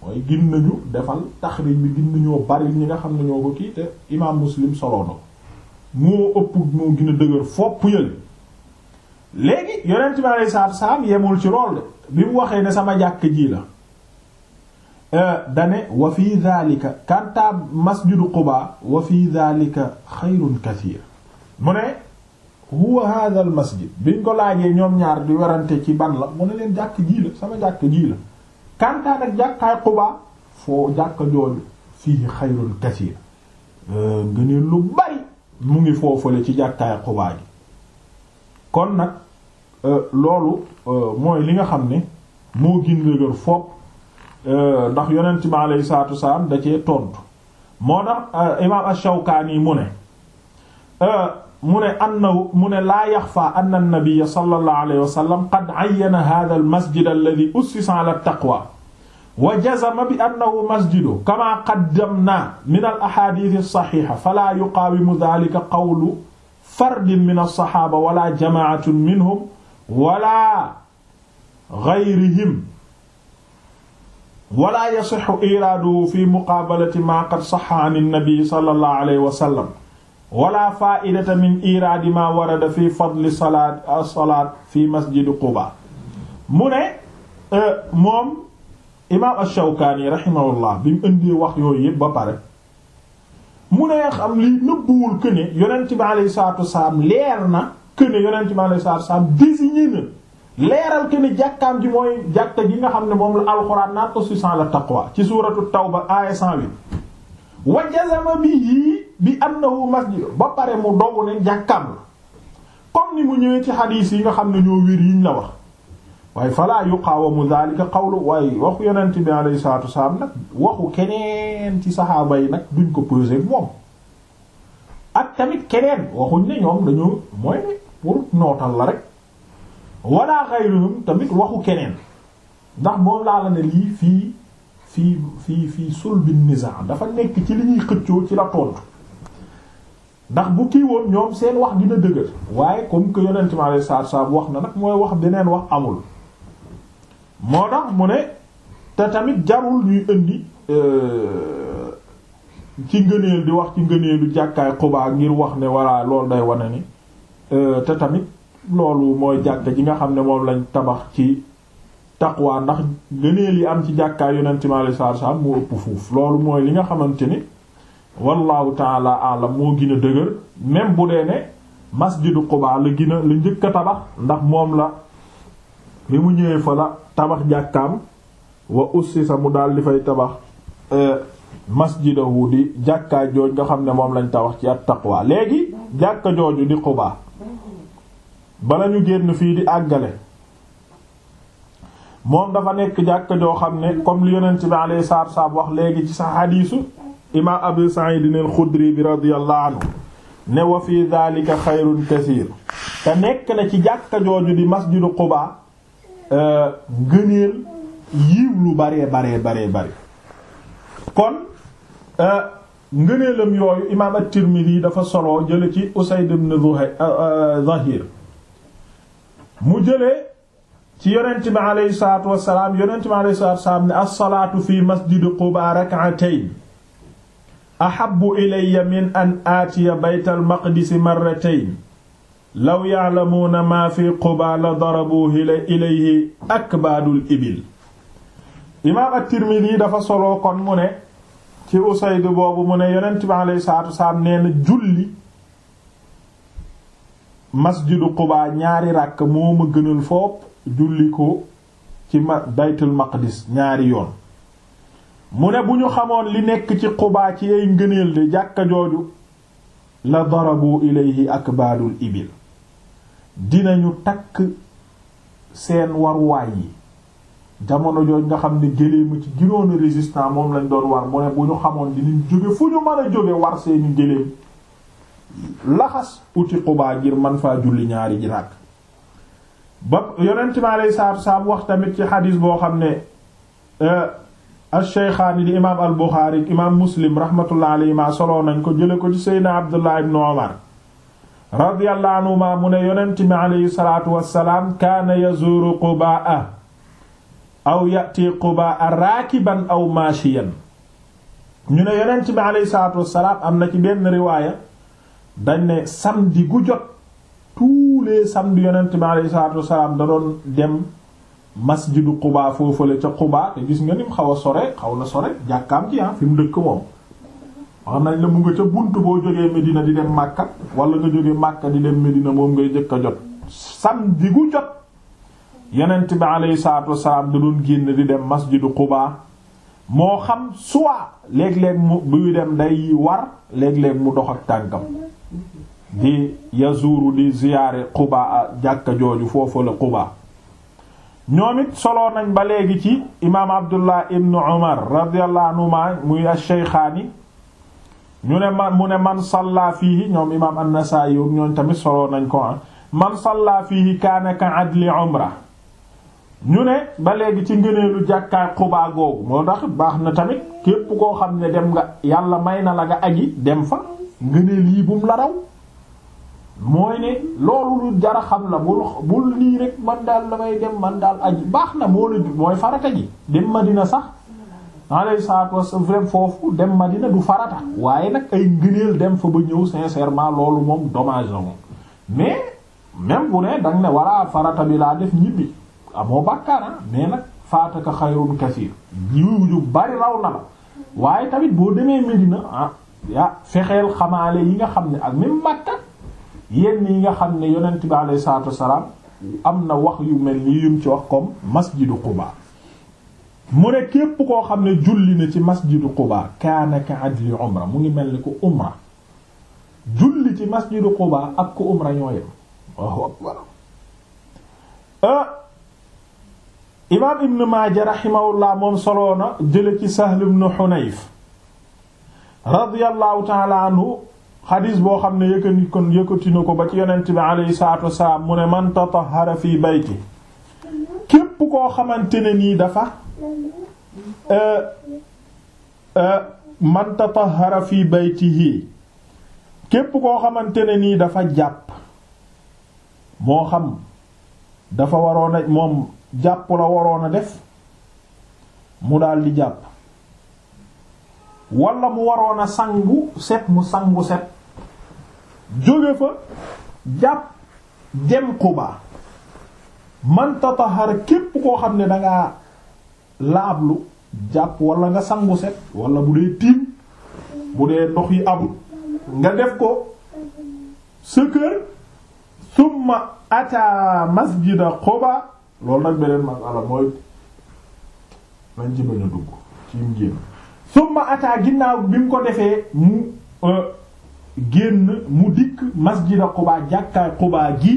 mooy gin nañu defal taxrij bi gin nañoo bari ñi nga xam ne ñoo ko kii te imaam muslim solo na moo ëpp moo gën a dëgër fopp yël léegi yonent bi alayhi salaatu wa yemul ci lool de bi mu waxee ne sama jàkk ji la Euh, dane wa fi dhalika kanta masjidu Quba wa fi dhalika xayrun kathir mu ne huwa hadha masjid biñ ko laajee ñoom ñaar di werante ci ban la mu ne leen jàkk jii la sama jàkk jii la kanta nag jàkkaay Quba foo jàkk jooju fii xayrun kathir euh, gënee lu bari mu ngi foofale ci jàkkaay Quba gi kon nag euh, loolu mooy li nga xam ne moo gin dëgër fopp Euh, ndax yonent mi alayhi salaatu wasalaam da cee tontu moo tax euh, imaam ash-Shawkaani mu ne euh, mu ne annahu mu ne laa yaxfaa anna an-nabiyya sallallahu alayhi wa sallam qad ayyana haadha al-masjid alladhi ussisa ala at-taqwa wa jazama bi annahu masjidu kama qaddamna min al-ahaadiith as-sahiiha falaa yuqaawimu dhaalika qawlu fardin min as-sahaaba wala jamaa'atun minhum wala ghayrihim wala yasixu iraaduhu fi muqaabalati maa qad saxa an nabi sallallahu alayhi wa sallam wala faaidata min iraadi maa warada fi fadli salaat as-salaat fi masjidi Quba mu ne euh, moom imaam ash-Shawkaani rahimahullah bi mu indee wax yooyu yëpp ba pare mu ne xam li nëbbuwul que ne yonent bi alayhi salaatu wa salaam leer na que ne yonent bi alayhi salaatu wa salaam désigné na leeral ke ne jàkkaam ji mooy jàkka ji nga xam ne moom la alxuraan naan ko suscent la taqwa ci suuratu tawba aaya 108 wa bi bihi bi annahu masjid ba pare mu dogu ne jàkkaam la comme ni mu ñëwee ci xadiis yi nga xam ne ñoo wér yiñ la wax waaye falaa yuqaawamu daalika qawlu waaye waxu yonent bi alayhi salaatu wasalaam nag waxu keneen ci saxaaba yi nag duñ ko peser moom ak tamit keneen waxuñ ne ñoom dañoo mooy pour nootal la rek wala xayruhum tamit waxu keneen ndax moom laa la ne lii fii fii fii fii sulbi nizam dafa nekk ci li ñuy xëccoo ci la tontu ndax bu kii woon ñoom seen wax dina dëgër waaye comme que yonent mi alayhi salaatu salaam wax na nag mooy wax beneen wax amul moo tax mu ne te tamit jarul ñuy indi euh, ci ngëneel di wax ci ngëneelu jàkkaay Quba ngir wax ne walla lool day wane ni euh, te tamit loolu mooy jàkka ji nga xam ne moom lañ tabax ci taqwa ndax gëneel yi am ci jàkkaay yonent mi alayhi salaatu mu moo ëpp fuuf loolu mooy li nga xamante ni wallahu taala alam moo gën a dëgër même bu dee ne masjidu Quba la gën a la njëkk a tabax ndax moom la bi mu ñëwee fa la tabax jàkkaam wa ussisa mu daal di fay tabax euh, masjidahu di jàkkaay jooj nga xam ne moom lañ tabax ci at taqwa léegi jàkka jooju di Quba bala ñu génn fii di àggale moom dafa nekk jàkk joo xam ne comme li yonent bi alayhi salaatu wassalaam wax léegi ci sa xadiisu imaam Abu Sa'id al-Khudri bi radiyallahu anhu ne wa fi dhalika xayrun kasiir te nekk na ci jàkka jooju di masjidu Quba euh, gëneel yiw lu baree baree baree bare kon euh, ngëneelam yooyu imaam at-Tirmidhi dafa solo jël ci Usayd ibn Dhahir euh, mu jëlee ci yonent bi aleyhi salaatu wassalaam yonent bi aleyhi ne as fi masjidi Quba rak'atayn ahabbu ilayya min an aatiya baytal maqdis marratayn law ya'lamuuna maa fi Quba la darabuu ilayhi akbaadul ibil imaam at-Tirmidhi dafa solo kon mu ne ci Usayd boobu mu ne yonent bi julli masjidu Quba ñaari ràkk moo ma gënal foop julli ko ci ma baytul maqdis ñaari yoon mu ne bu ñu xamoon li nekk ci Quba ci ay ngëneel de jàkka jooju la darabu ilayhi akbaadul ibil dinañu takk seen warwaay yi jamono jooj nga xam ne géléem ci ginoonu résistant moom lañ doon war mu ne bu ñu xamoon dinañ jóge fu ñu mën a jóge war seeni géléem laxas uti xubaa ngir man faa julli ñaari ji ràkk ba mi aleyhi salaatu salaam wax tamit ci xadiis boo xam ne euh, ash-shaykhaani di imaam al buxaari imaam muslim rahmatullah alayhima soloo nañ ko jële ko ci seydna abdullah ibn umar radiyallahu anhuma mu ne yonent mi aleyhi salaatu wassalaam kaana yazuuru qubaa aw yati qubaa raakiban aw maashiyan ñu ne yonent mi aleyhi salaatu wassalaam am na ci benn riwaaya dañ ne samedi gu jot tous les samedi yonent bi alayhi salaatu wasalaam da doon dem masjidu Quba foofale ca xubaa te gis nga ni mu xaw a sore xaw na sore jàkkaam ci ah fi mu dëkk moom wax nañ la mu nga ca bunt boo jógee Medina di dem Makka wala nga jógee Makka di dem Medina moom ngay jëkk a jot samedi gu jot yonent bi alayhi salaatu wasalaam da doon génn di dem masjidu xubaa moo xam soit léeg-léeg mu buy dem day war léeg-léeg mu dox ak tànkam di yazuuru di ziyaare Quba jàkka jooju foofu la Quba ñoomit it soloo nañ ba léegi ci imaam Abdullah ibn Umar radiyallahu anhuma muy ash-shaykhaani ñu ne ma mu ne man salla fiihi ñoom imaam an-Nasaa'i ñooñ tamit soloo nañ ko ah man salla fiihi kaana ka adli umra ñu ne ba léegi ci ngëneelu jàkkaay Quba googu moo tax baax na tamit képp koo xam ne dem nga yàlla may na la nga aji dem fa ngëneel yi bum la raw mooy ne loolu lu jara xam la bul bul nii rek man daal damay dem man daal aji baax na moo la mooy farata ji dem Madina sax alayhi salaatu wasallam foofu dem ma Madina du farata waaye nag ay ngëneel dem fa ba ñëw sincèrement loolu moom dommage moom mais même bu ne danga ne walla farata bi laa def ñibbi amoo bàkkaara ah mais nag faataka xayrun kasiir yiw yu bari raw na la waaye tamit boo demee Medina ah ya fexeel xamaale yi nga xam ne ak même Makka yenn yi nga xam ne yonent bi alayhi salaatu am na wax yu mel ni yum ci wax comme masjidu Quba mu ne képp koo xam ne julli na ci masjidu Quba kaana ka adli umra mu ngi mel ni ku umra julli ci masjidu Quba ak ku umra ñoo yem ah, imaam ibn Maaja rahimahullah moom soloona jële ci Sahl ibn Hunayf radiyallahu ta'ala anhu xadis boo xam ne yëkkati kon yëkkati ko ba ci yonent bi alayhi salaatu wasalaam mu ne man tatahhara fii bayti képp koo xamante ne nii dafa euh, euh, man tatahhara képp koo xamante ne nii dafa jàpp moo xam dafa waroon a moom jàpp la waroon a def mu daldi jàpp wala mu waroon a sangu set mu sangu set jóge fa jàpp dem Quba man tatahara képp koo xam ne dangaa laablu jàpp wala nga sangu set wala bu dee tiim bu dee ndox yi abul nga def ko sa kër summa ata masjida Quba loolu nag beneen masala mooy lañ ci bañ dugg ci mu génn summa ata ginnaaw bi mu ko defee mu euh, génn mu dikk masjida Quba jàkkaay Quba gi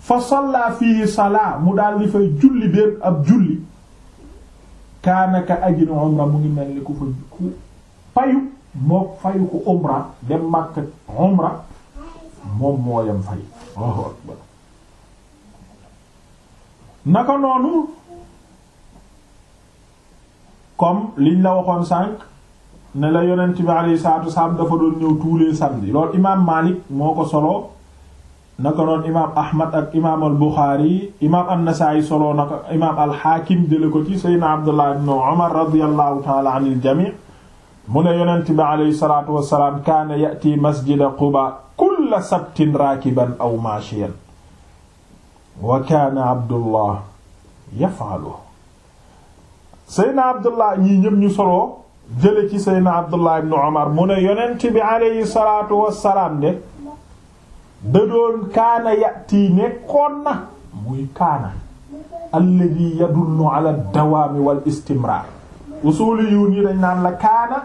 fa salla fii salaa mu daal di fay julli benn ab julli kaanaka ajin mu ngi mel ku fa ku payu moo fayu ko umra dem Makka umra moom moo fay Allahu akbar noonu comme liñ la waxoon sànq ne la yonent bi alayhi salaatu wasalaam dafa doon ñëw tous les samedis loolu imaam Maalik moo ko solo naka noon imaam Ahmad ak imaam al Buxaari imaam an-Nasaa'i solo naka imaam al Haakim jële ko ci Seydina Abdullah ibn Umar radiyallahu ta'ala anil jamii' mu ne yonent bi alayhi salaatu wasalaam kaana ya'ti masjida Quba kulla sabtin raakiban aw maashiyan wa kaana Abdullah yaf'aluhu Seydina Abdullah ñii ñëpp ñu solo jële ci seydna abdullah ibn omar mu ne yonent bi aleyhi salaatu wassalaam de da doon kaana yati nekkoon na muy kaana alladi yadullu ala dawaami wal istimrar usuli yu ni dañ naan la kaana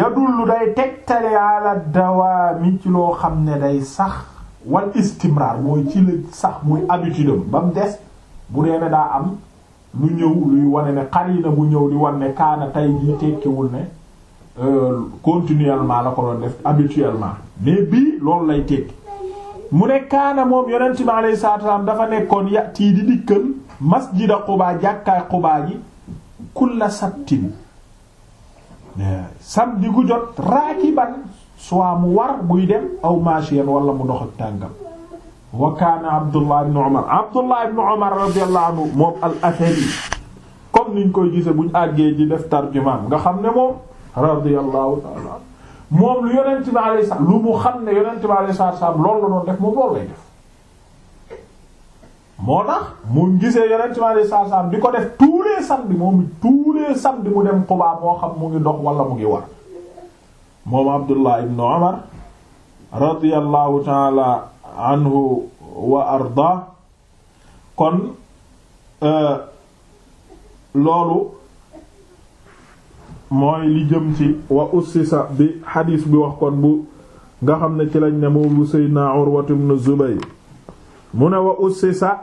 yadullu day tegtale ala dawaami ci loo xam ne day sax wal istimrar mooy ci la sax muy habitude am ba mu des bu dee daa am lu ñëw luy wane ne xarina bu ñëw di wane ne kaana tey jii tekkiwul ne euh, continuelement la ko doon def habituellement mais bii loolu lay tekki mu ne kaana moom yonent bi alayhi dafa nekkoon yatii di dikkal masjida Quba jàkkaay Quba ji kulla sabtin samedi gu jot raakiban soit mu war buy dem aw maashiyan wala mu dox ak tàngam wa kaana Abdullah ibn Umar Abdullah ibn Umar radiyallahu anhu moom al athari comme niñ koy gise buñ àggee ji def tarjumaam nga xam ne moom radiyallahu ta'ala moom lu yonent bi mu xam ne yonent bi la doon def moom loolu lay def moo tax mu gisee yonent bi alayhi salaam di ko def tous les samedi moom tous les samedi mu dem Quba moo xam mu ngi dox wala mu ngi war moom Abdullah ibn Umar radiyallahu ta'ala anhu wa arda kon e, loolu mooy li jëm ci wa ussisa bi xadiis bi wax kon bu nga xam ne ci lañ ne moom bu Seydina Urwatu ibn Zubayr mu ne wa sa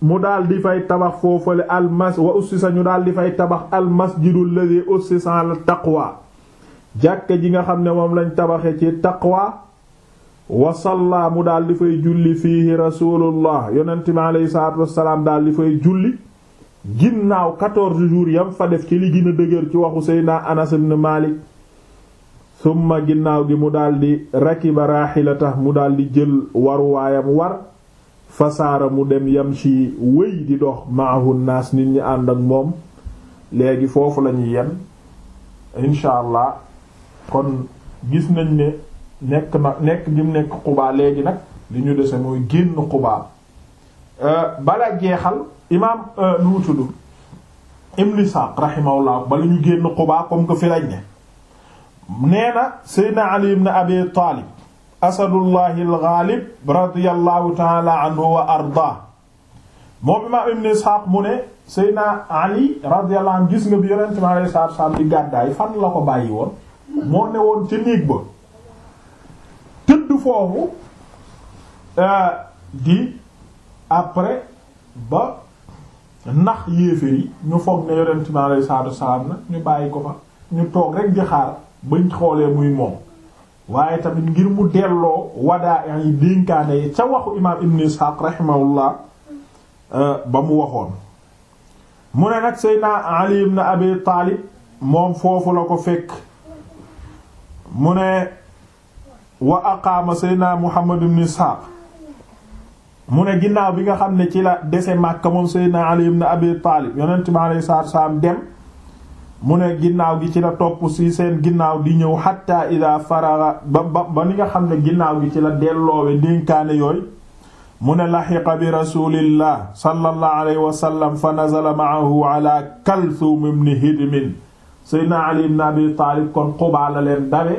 mu dal di fay tabax foofale almas wa ussisa ñu daal di fay tabax almasjidu alladhi ussisa ala taqwa jàkka ji nga xam ne moom lañ tabaxe ci taqwa wasalla mu daal di fay julli fiihi rasulullah yonent bi aleyhi salaatu daal di fay julli ginnaaw 14 jours yam fa def ci li gën dëgër ci waxu Seydina Anas ibn Malik summa ginnaaw gi mu daldi rakiba tax mu daldi jël waruwaayam war fasaara mu dem yamshi wéy di dox maahu naas nit ñi ànd ak moom léegi foofu lañuy yem incha kon gis nañ ne nekk na nekk gi mu nekk xubaa léegi nag li ñu dese mooy génn xubaa euh, bala jeexal imaam euh, nu tudd ibn Isaaq rahimahullah bala ñu génn xubaa comme que fi lañ ne nee na seydna Ali ibn Abi Taalib asadullahi al-ghalib radiyallahu ta'ala anhu wa arda moom imaam ibn Isaaq mu ne seydna Ali radiyallahu anhu gis nga bi yonent mi alayhi salaatu wa salaam di gàddaay fan la ko bàyyi woon moo ne woon ci néeg ba tëdd foofu euh, di après ba ndax yéeféer yi ñu foog ne yonent bi alayhi salaatu wassalaam na ñu bàyyi ko fa ñu toog rek di xaar bañ xoolee muy moom waaye tamit ngir mu delloo wadaa yi yi ca waxu imaam ibn Ishaq rahimahullah euh, ba mu waxoon mu ne nag Seydina Ali ibn Abi Taalib moom foofu la ko fekk mu ne wa aqaama seydna muhammad ibn isxaaq mu ne ginnaaw bi nga xam ne ci la dese màkka moom seydna ali ibn abi taalib yonent bi alayhi salaatu salaam dem mu ne ginnaaw gi ci la topp si seen ginnaaw di ñëw xatta ida faraga ba ba ni nga xam ne ginnaaw gi ci la delloowe ndénkaane yooyu mu ne laxiqa bi rasulillah sallallahu alayhi wa fa nazala maahu ala kalthum ibn hidmin seydna abi taalib kon xubaa la leen dawe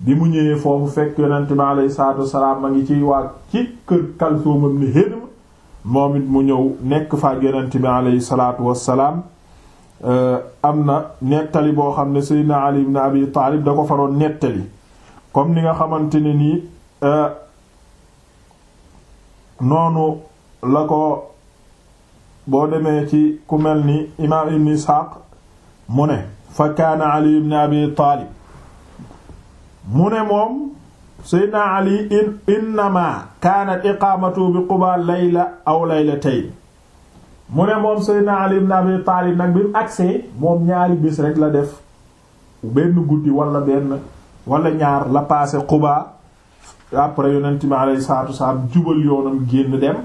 bi mu ñëwee foofu fekk yonent bi alayhi salaatu wassalaam ma ngi ci waa ci kër Kalsuum ibn Hidm moom it mu ñëw nekk fa yonent bi alayhi salaatu wassalaam euh, am na nettali boo xam ne Seydina Ali ibn Abi Taalib da ko faroon nettali comme ni nga xamante ne nii euh, noonu la ko boo demee ci ku mel ni imaam ibn Isxaaq mu ne fa kaana Ali ibn Abi Taalib mu ne moom naa ali in innama kaanat iqaamatu bi Quba layla aw laylatayn mu ne moom seydna ali ibn abi taalib nag bi mu agsee moom ñaari bis rek la def benn guddi wala benn wala ñaar la passé Quba après yonent mi alayhi salaatu wasalaam jubal yoonam génn dem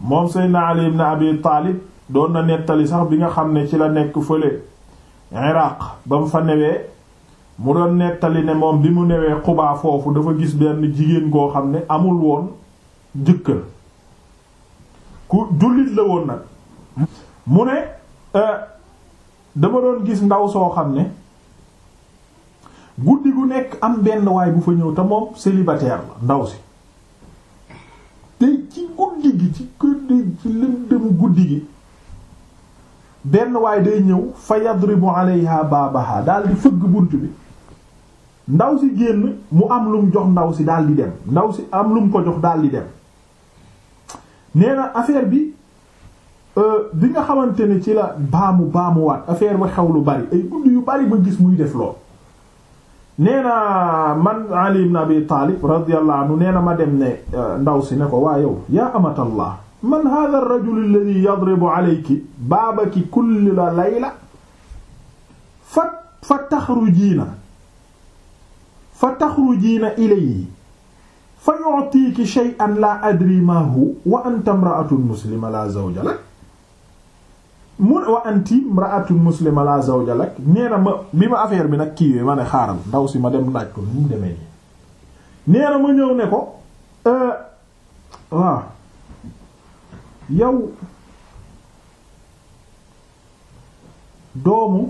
moom seydna ali ibn abi taalib doon na nettali sax bi nga xam ne ci la nekk fële iraq ba mu fa newee mu doon nettali ne moom bi mu newee xubaa foofu dafa gis benn jigéen koo xam ne amul woon jëkkër ku jullit la woon nag mu ne euh, dama doon gis ndaw soo xam ne guddi gu nekk am benn waay bu fa ñëw te moom célibataire la ndaw si te ci guddi gi ci guddi ci lëndëm guddi gi benn waay day ñëw fa yadribu alayha baabaha daal di fëgg bunt bi ndaw si génn mu am lum jox ndaw si daal di dem ndaw si am lum ko jox daal di dem nee na affaire bi euh, bi nga xamante ni ci la baamu baamuwaat affaire ba xew lu bari ay guddi yu bari ba gis muy def loo nee na man Ali ibn Abi Taalib radiyallahu anhu nee na ma dem ne euh, ndaw si ne ko waa yow yaa amatallah man hadha ar-rajul alladhi yadribu alayki baabaki kulli la layla fa fa taxrujiina fa taxrujiina ilayhi fa yu'tiiki shay'an laa adri maa hu wa anta imra'atun muslima laa zawja lak mu wa anti imra'atun muslima laa zawja lak nee na ma bi ma affaire bi nag kiiwee ma ne xaaral ndaw si ma dem laaj ko nu mu demee nii nee na ma ñëw ne ko euh, waaw yow doomu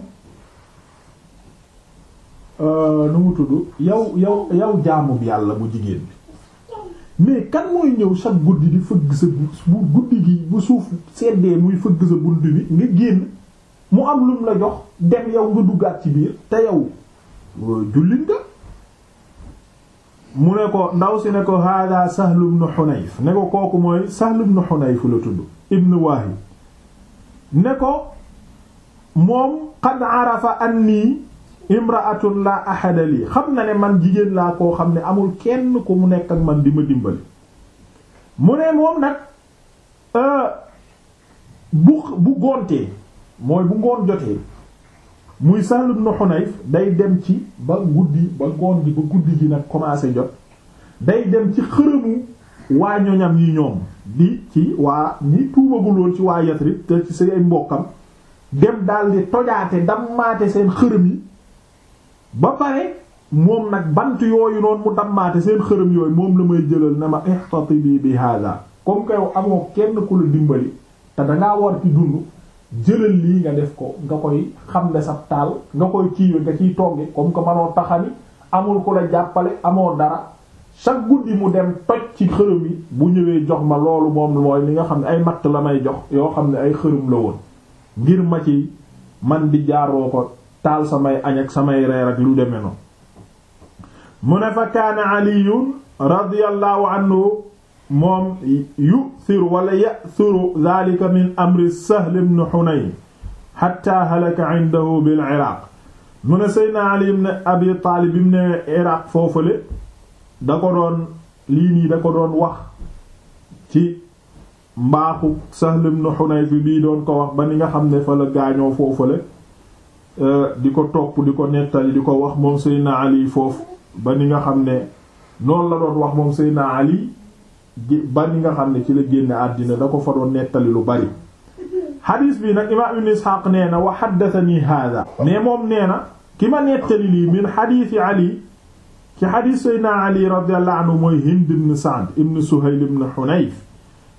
Euh, nu mu tudd yow yow yow jaamu yàlla bu jigéen bi mais kan mooy ñëw chaque guddi di fëgg sa bu guddi gi bu suuf seddee muy fëgg sa bunt bi nga génn mu am lum la jox dem yow nga duggaat ci biir te yow euh, jullit mu ne ko ndaw si ne ko hada Sahl ibn Hunayf ne ko kooku mooy Sahl ibn la tudd ibn Wahib ne ko moom qad arafa anni imraatun la ahada xam na ne man jigéen laa koo xam ne amul kenn ko mu nekk ak man di ma dimbali mu ne moom nag euh, bu bu gontee mooy bu ngoon jotee muy Sahl ibn Hunayf day dem ci ba guddi ba ngoon gi ba guddi gi nag commencé jot day dem ci xërëmu waa ñoñam yi ñoom di ci waa ñi tuubaguloon ci waa Yasrib te ci seen mbokkam dem daldi tojaate damaate seen xërëm yi ba pare moom nag bant yooyu noonu mu dammaate seen xërëm yooyu moom la may jëlal na ma ihtatibi bi hada comme que yow amoo kenn ku la dimbali te dangaa war ci dund jëlal lii nga def ko nga koy xam ne sa taal nga koy kiiwe nga ciy togge comme que manoo taxani amul ku la jàppale amoo dara chaque guddi mu dem toj ci xërëm yi bu ñëwee jox ma loolu moom mooy li nga xam ne ay matt la may jox yoo xam ne ay xërëm la woon ngir ma ci man di jaaroo ko taal samay añ ak samay reer ak lu demee noonu mu ne fa kaana aliyun radiyallahu anhu moom yu'thiru wala ya'thiru dhalika min amri sahl ibn hunayn hatta halaka indahu bil iraq mu foofale da ko doon lii nii da ko doon wax ci mbaaxu sahl ibn hunayn bi bii doon ko wax ba ni nga xam ne fa la gaañoo foofale Euh, di ko topp di ko nettali di ko wax moom Seydina Ali foofu ba ni nga xam ne noonu la doon wax moom Seydina Ali ba ni nga xam ne ci la génne àddina da ko fa doon nettali lu bari xadiis bi nag imaam ibn Isxaaq nee na wa haddathanii haadha mais moom nee na ki ma nettali lii min xadiisi Ali ci xadiis Seydina Ali radiyallahu anhu mooy Hind ibn Sa'd ibn Suhayl ibn Hunayf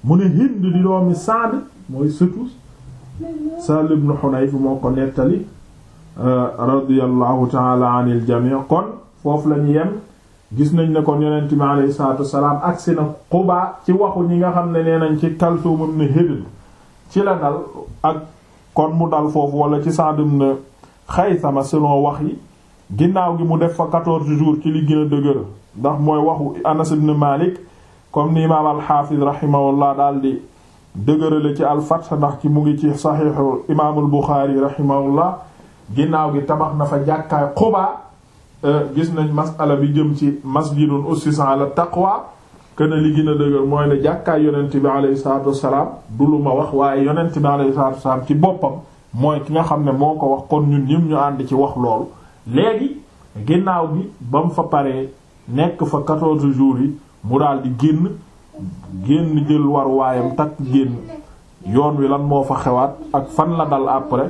mu ne Hind di doomi Sa'd mooy sëtu Sahl ibn Hunayf moo ko nettali Euh, radiyallahu taala an il jami kon foofu lañu yem gis nañ ne kon yonent bi alayhi salaatu wasalaam agsi na Quba ci waxu ñi nga xam ne nee nañ ci Kalsuum ibn Hibil ci la dal ak kon mu dal foofu wala ci Sa'd ibn Xaysama selon wax yi ginnaaw gi mu def fa 14 jour ci li gën a ndax mooy waxu Anas ibn Malik comme ni imaam al-Hafiz rahimahullah daal di dëgërale ci al-Fath ndax ci mu ngi ci saxiixu imaamul Buxaari rahimahullah ginnaaw gi tabax na fa jàkkaay xubaa euh, gis nañ masala bi jëm ci masjidun ussisa ala taqwa kuena li gën a dëgër mooy ne jàkkaay yonent bi alayhi salatu wasalaam du lu ma wax waaye yonent bi alayhi salatu wasalaam ci boppam mooy ki nga xam ne moo ko wax kon ñu ñim ñu ànd ci wax loolu léegi ginnaaw bi ba mu fa paree nekk fa 14 jour yi mu daal di génn génn jël war waayam takk génn yoon wi lan moo fa xewaat ak fan la dal après